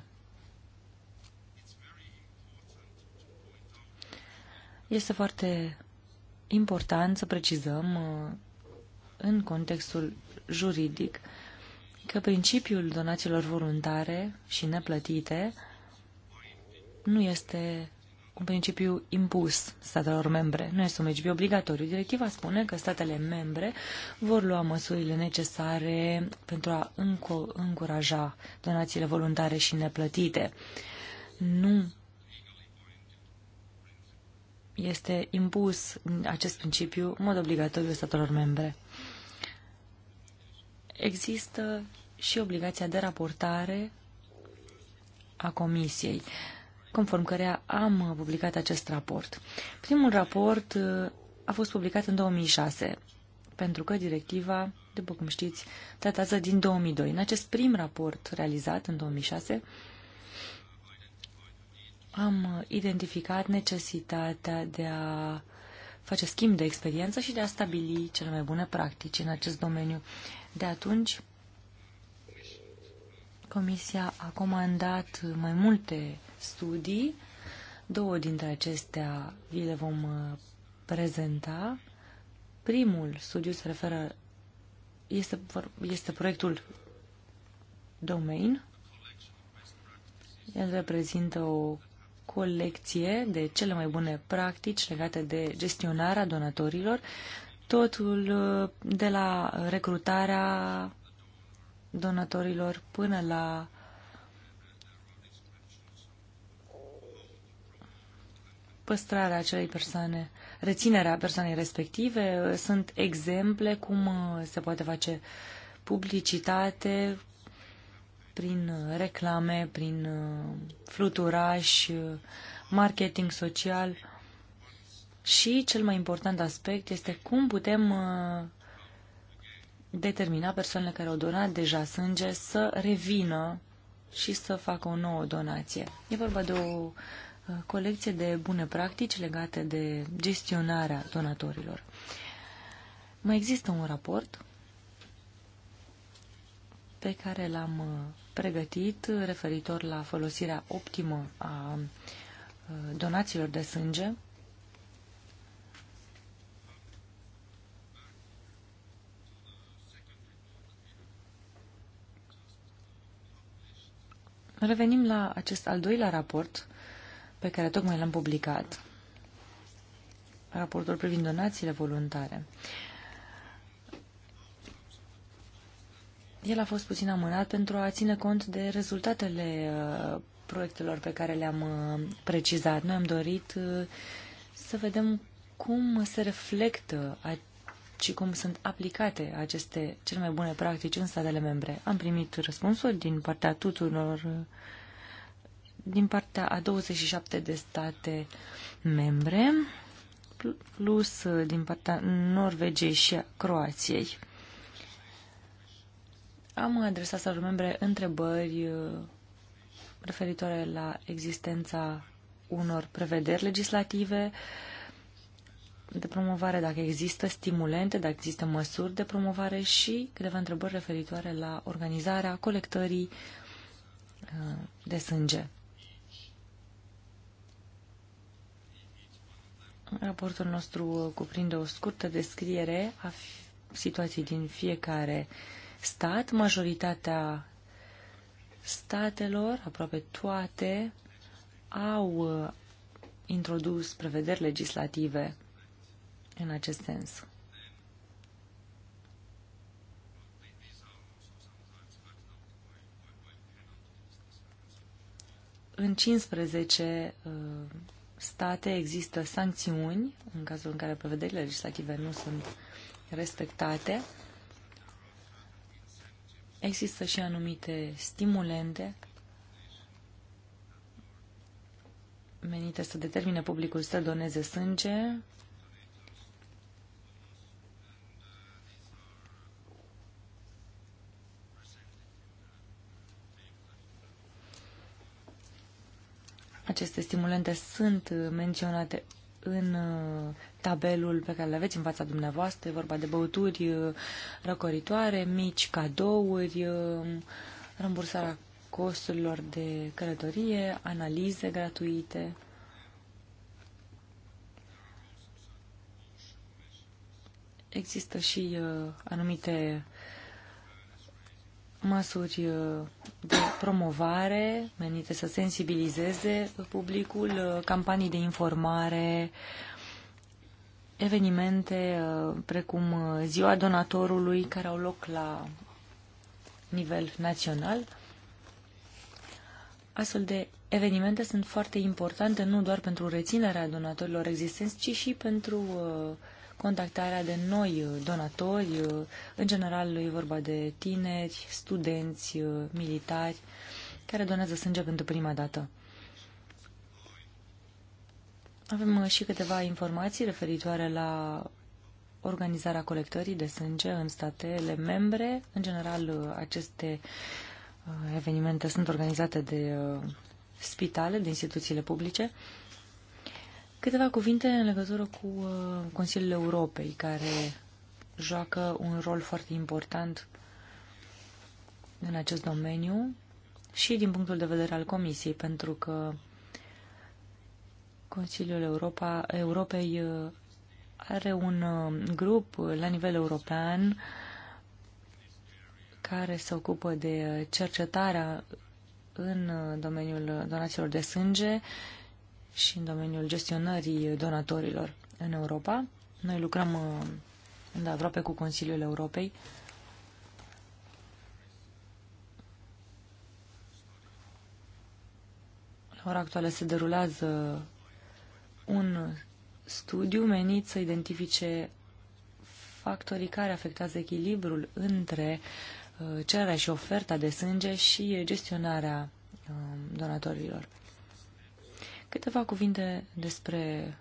Este foarte important să precizăm uh, în contextul juridic că principiul donațiilor voluntare și neplătite nu este un principiu impus statelor membre. Nu este un principiu obligatoriu. Directiva spune că statele membre vor lua măsurile necesare pentru a încuraja donațiile voluntare și neplătite. Nu este impus acest principiu în mod obligatoriu statelor membre. Există și obligația de raportare a Comisiei, conform cărea am publicat acest raport. Primul raport uh, a fost publicat în 2006, pentru că directiva, după cum știți, tratează din 2002. În acest prim raport realizat în 2006, am identificat necesitatea de a face schimb de experiență și de a stabili cele mai bune practici în acest domeniu. De atunci, Comisia a comandat mai multe studii. Două dintre acestea vi le vom uh, prezenta. Primul studiu se referă este, este proiectul Domain. El reprezintă o colecție de cele mai bune practici legate de gestionarea donatorilor, totul uh, de la recrutarea donatorilor până la păstrarea acelei persoane, reținerea persoanei respective. Sunt exemple cum uh, se poate face publicitate prin uh, reclame, prin uh, fluturaș, uh, marketing social și cel mai important aspect este cum putem determina persoanele care au donat deja sânge să revină și să facă o nouă donație. E vorba de o colecție de bune practici legate de gestionarea donatorilor. Mai există un raport pe care l-am pregătit referitor la folosirea optimă a donațiilor de sânge. Revenim la acest al doilea raport pe care tocmai l-am publicat, raportul privind donațiile voluntare. Uh, el a fost puțin amânat pentru a ține cont de rezultatele uh, proiectelor pe care le-am uh, precizat. Noi am dorit uh, să vedem cum se reflectă și cum sunt aplicate aceste cele mai bune practici în statele membre. Am primit răspunsuri din partea tuturor, din partea a 27 de state membre, plus din partea Norvegiei și a Croației. Am adresat să membre întrebări uh, referitoare la existența unor prevederi legislative de promovare, dacă există stimulente, dacă există măsuri de promovare și câteva întrebări referitoare la organizarea colectării uh, de sânge. Raportul nostru cuprinde o scurtă descriere a situației din fiecare uh, stat, majoritatea statelor, aproape toate, au uh, introdus prevederi legislative în acest sens. În 15 uh, state există sancțiuni în cazul în care prevederile legislative nu sunt respectate. Există și anumite stimulente menite să determine publicul să doneze sânge. Aceste stimulente sunt menționate în uh, tabelul pe care le aveți în fața dumneavoastră. E vorba de băuturi uh, răcoritoare, mici cadouri, uh, rambursarea costurilor de călătorie, analize gratuite. Există și uh, anumite măsuri uh, de promovare menite să sensibilizeze publicul, uh, campanii de informare, evenimente uh, precum uh, Ziua Donatorului, care au loc la nivel național. Astfel de evenimente sunt foarte importante nu doar pentru reținerea donatorilor existenți, ci și pentru uh, contactarea de noi uh, donatori. Uh, în general e vorba de tineri, studenți, uh, militari care donează sânge pentru prima dată. Avem și câteva informații referitoare la organizarea colectării de sânge în statele membre. În general, aceste evenimente sunt organizate de spitale, de instituțiile publice. Câteva cuvinte în legătură cu uh, Consiliul Europei, care joacă un rol foarte important în acest domeniu și din punctul de vedere al Comisiei, pentru că Consiliul Europa, Europei uh, are un uh, grup la nivel european care se ocupă de cercetarea în domeniul donațiilor de sânge și în domeniul gestionării donatorilor în Europa. Noi lucrăm uh, de aproape cu Consiliul Europei. La ora actuală se derulează un studiu menit să identifice factorii care afectează echilibrul între uh, cererea și oferta de sânge și gestionarea uh, donatorilor. Câteva cuvinte despre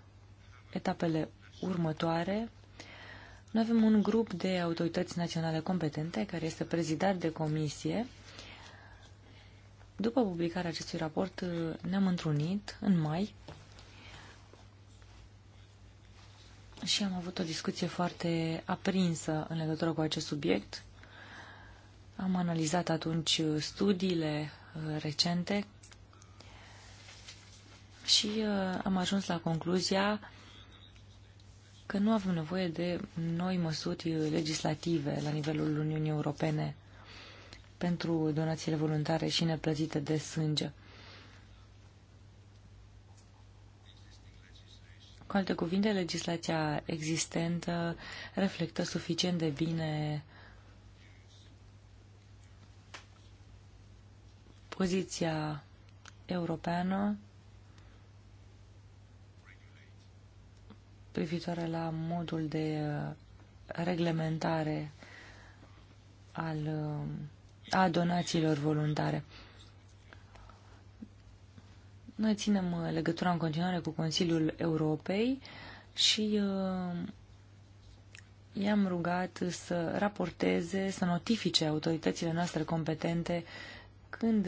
etapele următoare. Noi avem un grup de autorități naționale competente care este prezidat de comisie. După publicarea acestui raport ne-am întrunit în mai și am avut o discuție foarte aprinsă în legătură cu acest subiect. Am analizat atunci studiile uh, recente și uh, am ajuns la concluzia că nu avem nevoie de noi măsuri legislative la nivelul Uniunii Europene pentru donațiile voluntare și neplătite de sânge. Cu alte cuvinte, legislația existentă reflectă suficient de bine poziția europeană privitoare la modul de uh, reglementare al, uh, a donațiilor voluntare. Noi ținem uh, legătura în continuare cu Consiliul Europei și i-am rugat să raporteze, să notifice autoritățile noastre competente când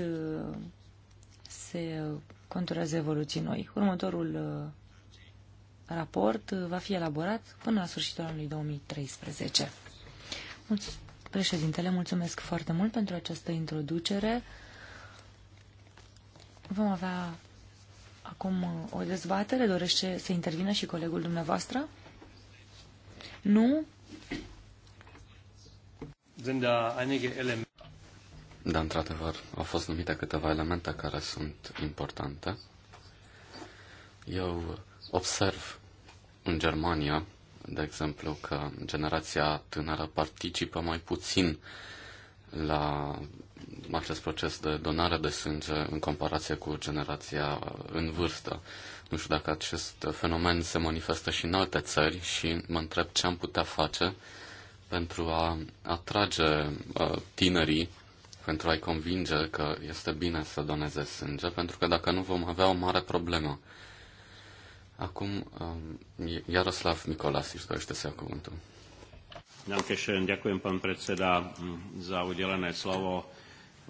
se conturează evoluții noi. Următorul raport va fi elaborat până la sfârșitul anului 2013. Mulț președintele, mulțumesc foarte mult pentru această introducere. Vom avea acum uh, o dezbatere. Dorește să intervină și colegul dumneavoastră? Nu? Uh, da, într-adevăr, au fost numite câteva elemente care sunt importante. Eu Observ în Germania, de exemplu, că generația tânără participă mai puțin la acest proces de donare de sânge în comparație cu generația în vârstă. Nu știu dacă acest fenomen se manifestă și în alte țări și mă întreb ce am putea face pentru a atrage uh, tinerii, pentru a-i convinge că este bine să doneze sânge, pentru că dacă nu vom avea o mare problemă. Acum Jaroslav um, Iaroslav își dorește să ia cuvântul. Ďakujem, ďakujem pán predseda za udelené slovo.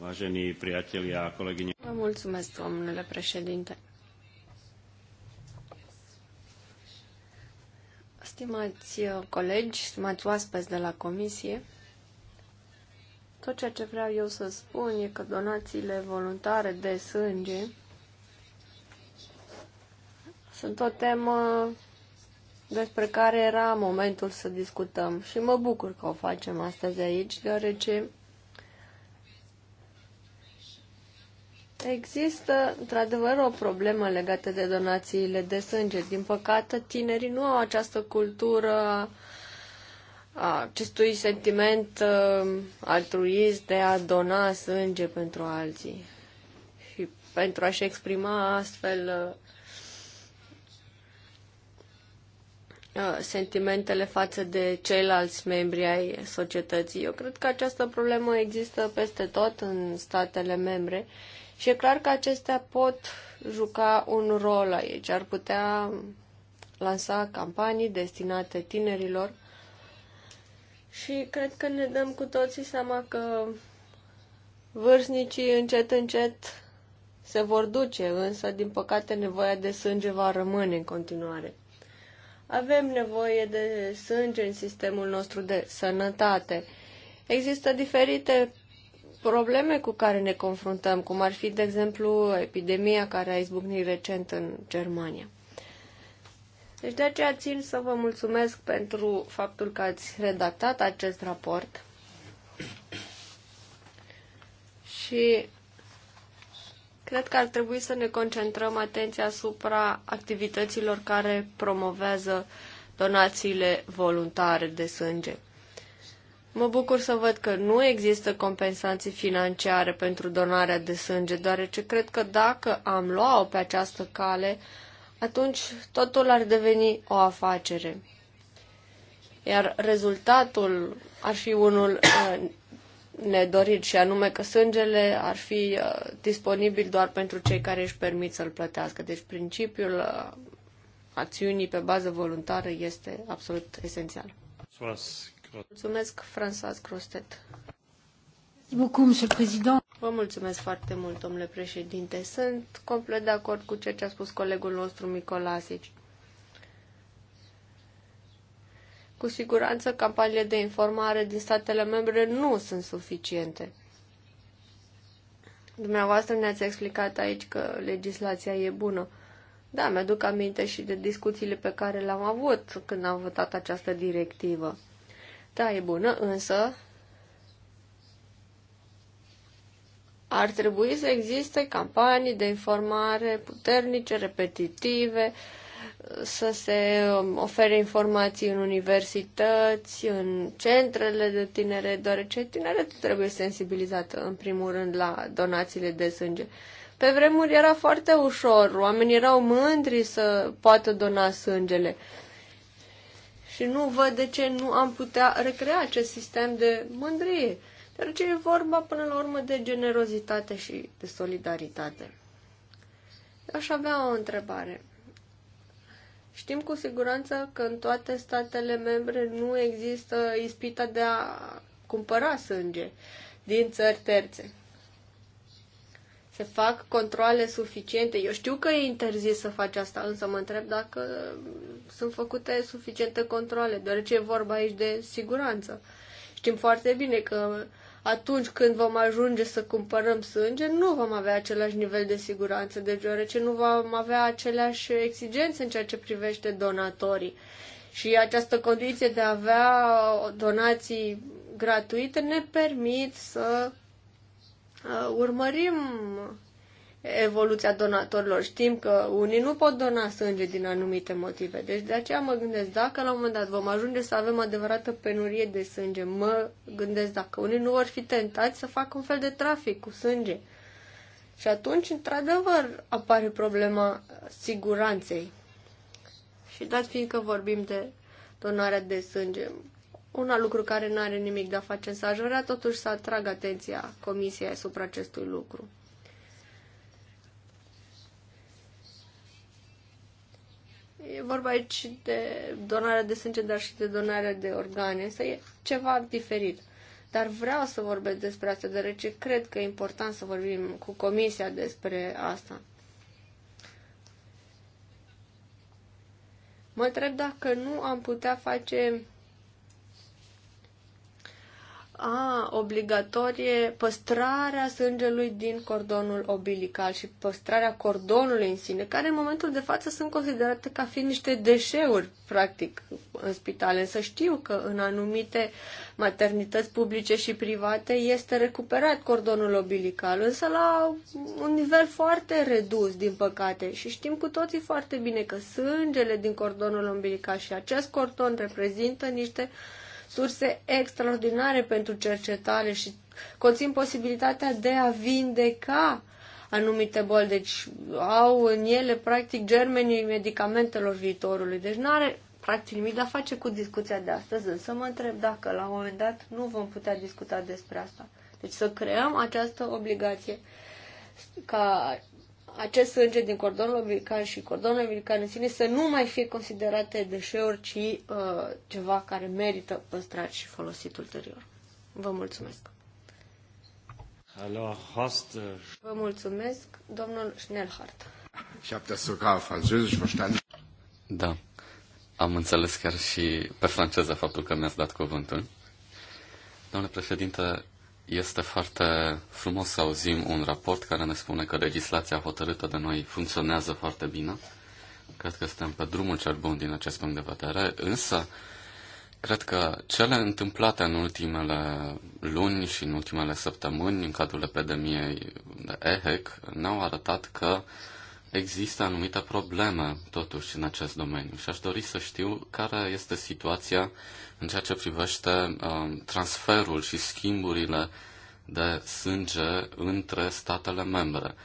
Vážení priatelia a kolegyne. Vă mulțumesc, domnule președinte. Stimați uh, colegi, stimați oaspeți de la comisie, tot ceea ce vreau eu să spun e că donațiile voluntare de sânge sunt o temă despre care era momentul să discutăm și mă bucur că o facem astăzi aici, deoarece Există, într-adevăr, o problemă legată de donațiile de sânge. Din păcate, tinerii nu au această cultură a acestui sentiment uh, altruist de a dona sânge pentru alții și pentru a-și exprima astfel uh, Uh, sentimentele față de ceilalți membri ai societății. Eu cred că această problemă există peste tot în statele membre și e clar că acestea pot juca un rol aici. Ar putea lansa campanii destinate tinerilor și cred că ne dăm cu toții seama că vârstnicii încet încet se vor duce, însă din păcate nevoia de sânge va rămâne în continuare. Avem nevoie de sânge în sistemul nostru de sănătate. Există diferite probleme cu care ne confruntăm, cum ar fi, de exemplu, epidemia care a izbucnit recent în Germania. Deci de aceea țin să vă mulțumesc pentru faptul că ați redactat acest raport și Cred că ar trebui să ne concentrăm atenția asupra activităților care promovează donațiile voluntare de sânge. Mă bucur să văd că nu există compensații financiare pentru donarea de sânge, deoarece cred că dacă am luat-o pe această cale, atunci totul ar deveni o afacere. Iar rezultatul ar fi unul uh, nedorit și anume că sângele ar fi uh, disponibil doar pentru cei care își permit să-l plătească. Deci principiul uh, acțiunii pe bază voluntară este absolut esențial. Mulțumesc, François Crostet. Vă mulțumesc foarte mult, domnule președinte. Sunt complet de acord cu ceea ce a spus colegul nostru Micolasici. Cu siguranță, campaniile de informare din statele membre nu sunt suficiente. Dumneavoastră ne-ați explicat aici că legislația e bună. Da, mi-aduc aminte și de discuțiile pe care le-am avut când am votat această directivă. Da, e bună, însă ar trebui să existe campanii de informare puternice, repetitive, uh, să se um, ofere informații în universități, în centrele de tinere, deoarece tineretul trebuie sensibilizat în primul rând la donațiile de sânge. Pe vremuri era foarte ușor, oamenii erau mândri să poată dona sângele. Și nu văd de ce nu am putea recrea acest sistem de mândrie, ce e vorba până la urmă de generozitate și de solidaritate. Eu aș avea o întrebare. Știm cu siguranță că în toate statele membre nu există ispita de a cumpăra sânge din țări terțe. Se fac controle suficiente. Eu știu că e interzis să faci asta, însă mă întreb dacă sunt făcute suficiente controle, deoarece e vorba aici de siguranță. Știm foarte bine că uh, atunci când vom ajunge să cumpărăm sânge, nu vom avea același nivel de siguranță, deci deoarece nu vom avea aceleași exigențe în ceea ce privește donatorii. Și această condiție de a avea donații gratuite ne permit să uh, urmărim evoluția donatorilor. Știm că unii nu pot dona sânge din anumite motive. Deci de aceea mă gândesc dacă la un moment dat vom ajunge să avem adevărată penurie de sânge, mă gândesc dacă unii nu vor fi tentați să facă un fel de trafic cu sânge. Și atunci, într-adevăr, apare problema siguranței. Și dat fiindcă vorbim de donarea de sânge, un alt lucru care nu are nimic de a face, însă aș vrea totuși să atrag atenția Comisiei asupra acestui lucru. E vorba aici de donarea de sânge, dar și de donarea de organe, să e ceva diferit. Dar vreau să vorbesc despre asta, deoarece cred că e important să vorbim cu comisia despre asta. Mă întreb dacă nu am putea face a obligatorie păstrarea sângelui din cordonul obilical și păstrarea cordonului în sine, care în momentul de față sunt considerate ca fiind niște deșeuri, practic, în spitale. Să știu că în anumite maternități publice și private este recuperat cordonul obilical, însă la un nivel foarte redus, din păcate. Și știm cu toții foarte bine că sângele din cordonul umbilical și acest cordon reprezintă niște uh, surse extraordinare pentru cercetare și conțin posibilitatea de a vindeca anumite boli. Deci au în ele, practic, germenii medicamentelor viitorului. Deci nu are practic nimic de a face cu discuția de astăzi, însă mă întreb dacă la un moment dat nu vom putea discuta despre asta. Deci să creăm această obligație ca acest sânge din cordonul umbilical și cordonul umbilical în sine să nu mai fie considerate deșeuri, ci uh, ceva care merită păstrat și folosit ulterior. Vă mulțumesc! Uh, Vă mulțumesc, domnul Schnellhardt. Ich habe das sogar französisch verstanden. Da. Am înțeles chiar și pe franceză faptul că mi-ați dat cuvântul. Domnule președinte, este foarte frumos să auzim un raport care ne spune că legislația hotărâtă de noi funcționează foarte bine. Cred că suntem pe drumul cel bun din acest punct de vedere, însă cred că cele întâmplate în ultimele luni și în ultimele săptămâni în cadrul epidemiei de EHEC ne-au arătat că uh, Există anumite probleme, totuși, în acest domeniu și aș dori să știu care este situația în ceea ce privește um, transferul și schimburile de sânge între statele membre.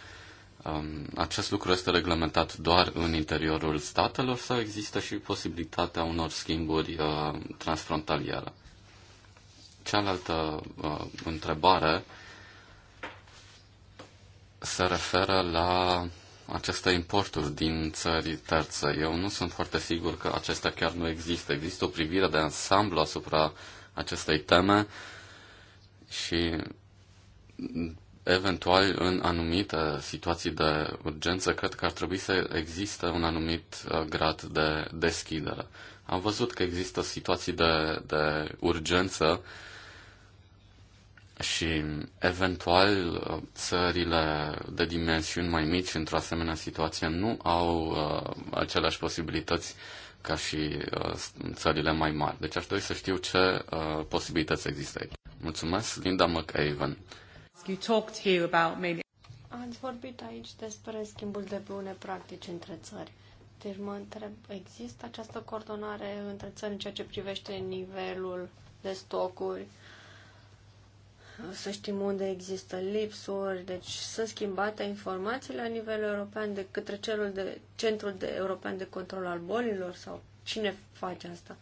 Um, acest lucru este reglementat doar în interiorul statelor sau există și posibilitatea unor schimburi uh, transfrontaliere? Cealaltă uh, întrebare se referă la aceste importuri din țări terțe. Eu nu sunt foarte sigur că acestea chiar nu există. Există o privire de ansamblu asupra acestei teme și eventual în anumite situații de urgență, cred că ar trebui să existe un anumit uh, grad de deschidere. Am văzut că există situații de, de urgență și eventual țările de dimensiuni mai mici într-o asemenea situație nu au uh, aceleași posibilități ca și uh, țările mai mari. Deci aș dori să știu ce uh, posibilități există aici. Mulțumesc, Linda McAven. Ați vorbit aici despre schimbul de bune practici între țări. Deci mă întreb, există această coordonare între țări în ceea ce privește nivelul de stocuri, să știm unde există lipsuri, deci sunt schimbate informații la nivel european de către celul de, Centrul de European de Control al Bolilor sau cine face asta?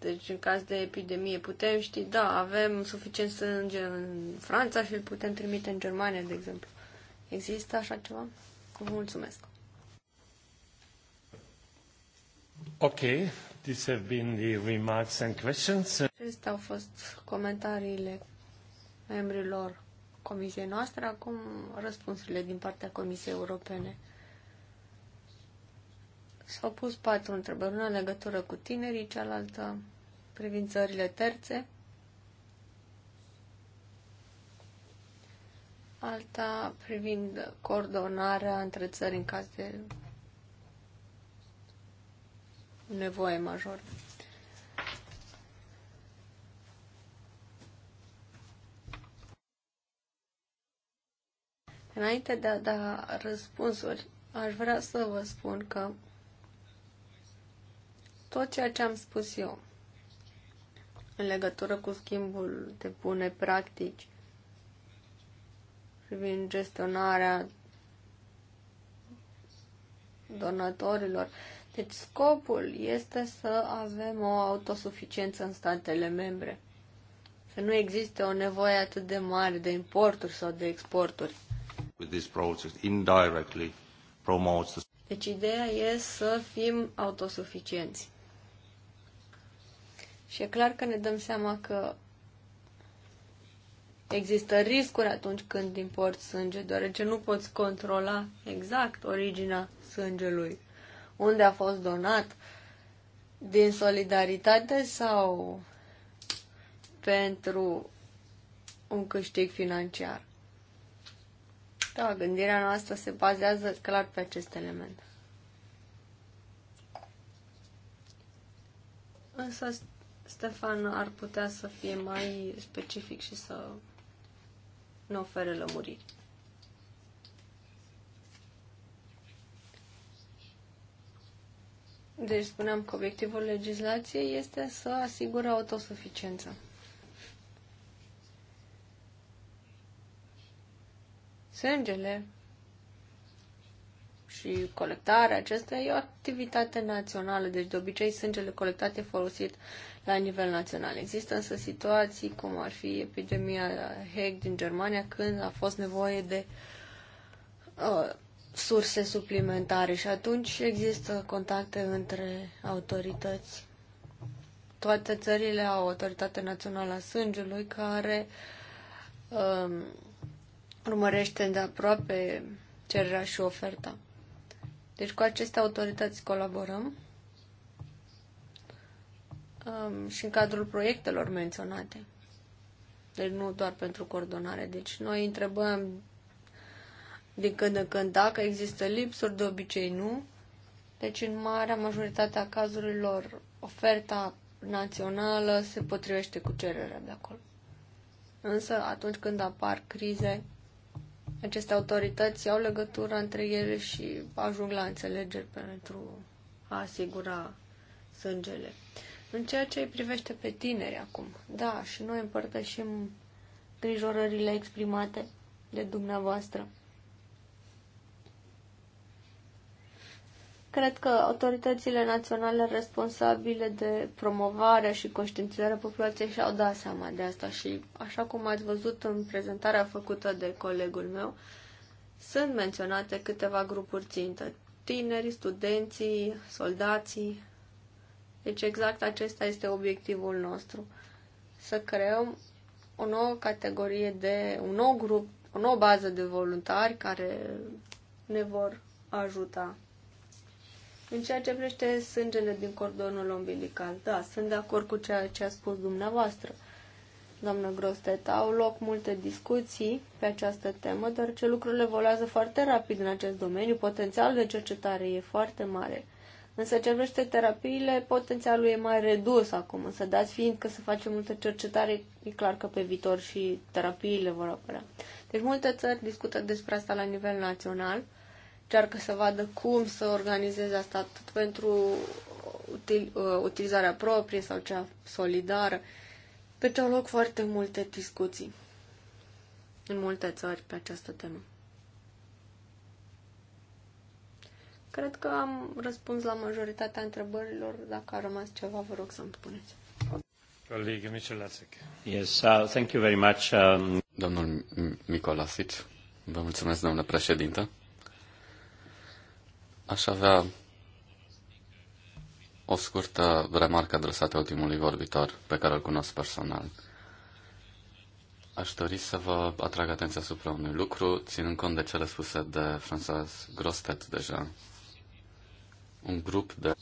Deci, în caz de epidemie, putem ști, da, avem suficient sânge în Franța și îl putem trimite în Germania, de exemplu. Există așa ceva? Vă mulțumesc. Ok. These have been the remarks and questions. Acestea au fost comentariile membrilor comisiei noastre, acum răspunsurile din partea Comisiei Europene. S-au pus patru întrebări, una în legătură cu tinerii, cealaltă privind țările terțe, alta privind coordonarea între țări în caz de nevoie majoră. Înainte de a da răspunsuri, aș vrea să vă spun că tot ceea ce am spus eu în legătură cu schimbul de bune practici privind gestionarea donatorilor, uh, deci scopul este să avem o autosuficiență în statele membre. Să nu existe o nevoie atât de mare de importuri sau de exporturi. With this process, indirectly promotes the... Deci ideea e să fim autosuficienți. Și e clar că ne dăm seama că există riscuri atunci când importi sânge, deoarece nu poți controla exact originea sângelui unde a fost donat, din solidaritate sau pentru un câștig financiar. Da, gândirea noastră se bazează clar pe acest element. Însă Stefan ar putea să fie mai specific și să ne ofere lămuriri. Deci spuneam că obiectivul legislației este să asigure autosuficiența. Sângele și colectarea acestea e o activitate națională, deci de obicei sângele colectat e folosit la nivel național. Există însă situații cum ar fi epidemia Heg din Germania când a fost nevoie de uh, surse suplimentare și atunci există contacte între autorități. Toate țările au Autoritatea națională a sângelui care um, urmărește aproape cererea și oferta. Deci cu aceste autorități colaborăm um, și în cadrul proiectelor menționate. Deci nu doar pentru coordonare. Deci noi întrebăm din când în când dacă există lipsuri, de obicei nu. Deci în marea majoritate a cazurilor oferta națională se potrivește cu cererea de acolo. Însă atunci când apar crize, aceste autorități au legătură între ele și ajung la înțelegeri pentru a asigura sângele. În ceea ce îi privește pe tineri acum, da, și noi împărtășim grijorările exprimate de dumneavoastră. Cred că autoritățile naționale responsabile de promovare și conștientizarea populației și-au dat seama de asta și, așa cum ați văzut în prezentarea făcută de colegul meu, sunt menționate câteva grupuri țintă. tineri, studenții, soldații. Deci exact acesta este obiectivul nostru. Să creăm o nouă categorie de, un nou grup, o nouă bază de voluntari care ne vor ajuta în ceea ce privește sângele din cordonul umbilical, da, sunt de acord cu ceea ce a spus dumneavoastră, doamnă Grostet. Au loc multe discuții pe această temă, dar ce lucrurile evoluează foarte rapid în acest domeniu, potențialul de cercetare e foarte mare. Însă ce privește terapiile, potențialul e mai redus acum, însă dați fiind că se face multă cercetare, e clar că pe viitor și terapiile vor apărea. Deci multe țări discută despre asta la nivel național, încearcă să vadă cum să organizeze asta atât pentru util, uh, utilizarea proprie sau cea solidară. Deci au loc foarte multe discuții în multe țări pe această temă. Cred că am răspuns la majoritatea întrebărilor. Dacă a rămas ceva, vă rog să-mi spuneți. Michel Micolasic. Yes, uh, thank you very much. Um... Domnul Micolasic, vă mulțumesc, domnule președinte. Aș avea o scurtă remarcă adresată ultimului vorbitor pe care îl cunosc personal. Aș dori să vă atrag atenția asupra unui lucru, ținând cont de cele spuse de François Grostet deja. Un grup de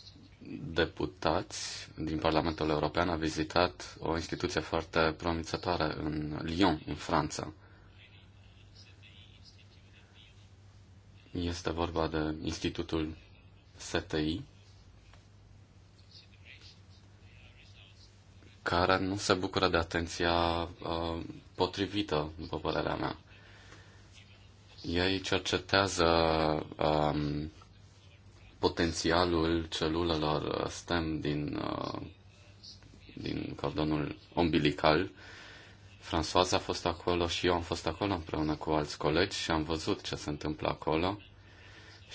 deputați din Parlamentul European a vizitat o instituție foarte promițătoare în Lyon, în Franța. Este vorba de Institutul STI, care nu se bucură de atenția uh, potrivită, după părerea mea. Ei cercetează um, potențialul celulelor STEM din, uh, din cordonul umbilical François a fost acolo și eu am fost acolo împreună cu alți colegi și am văzut ce se întâmplă acolo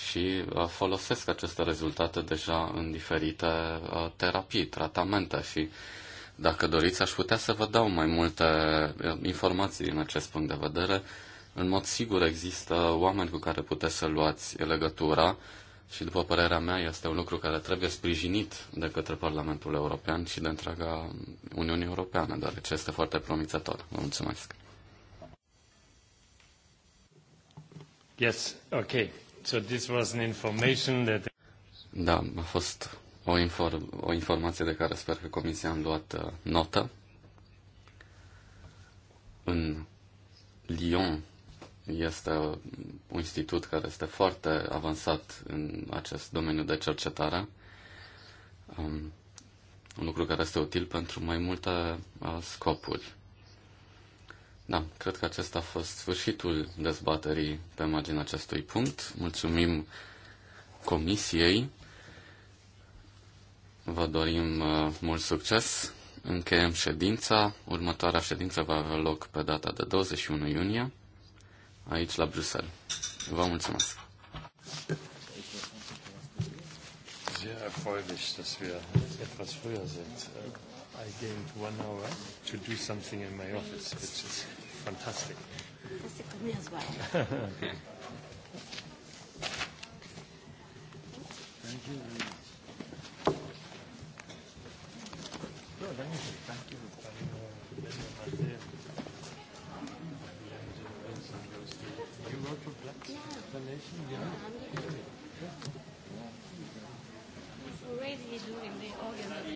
și uh, folosesc aceste rezultate deja în diferite uh, terapii, tratamente și dacă doriți, aș putea să vă dau mai multe uh, informații în acest punct de vedere. În mod sigur există oameni cu care puteți să luați legătura și, după părerea mea, este un lucru care trebuie sprijinit de către Parlamentul European și de întreaga Uniunii Europeană, deoarece este foarte promițător. Vă mulțumesc. Yes, okay. So this was an information that... Da, a fost o, inform- o informație de care sper că Comisia a luat uh, notă. În Lyon este un institut care este foarte avansat în acest domeniu de cercetare, um, un lucru care este util pentru mai multe uh, scopuri. Da, cred că acesta a fost sfârșitul dezbaterii pe marginea acestui punct. Mulțumim comisiei. Vă dorim uh, mult succes. Încheiem ședința. Următoarea ședință va avea loc pe data de 21 iunie aici la Bruxelles. Vă mulțumesc! Sehr erfreulich, dass wir etwas früher sind. I gained one hour to do something in my office, which is fantastic. Fantastic for me as well. Thank you very much. Already is doing the organ.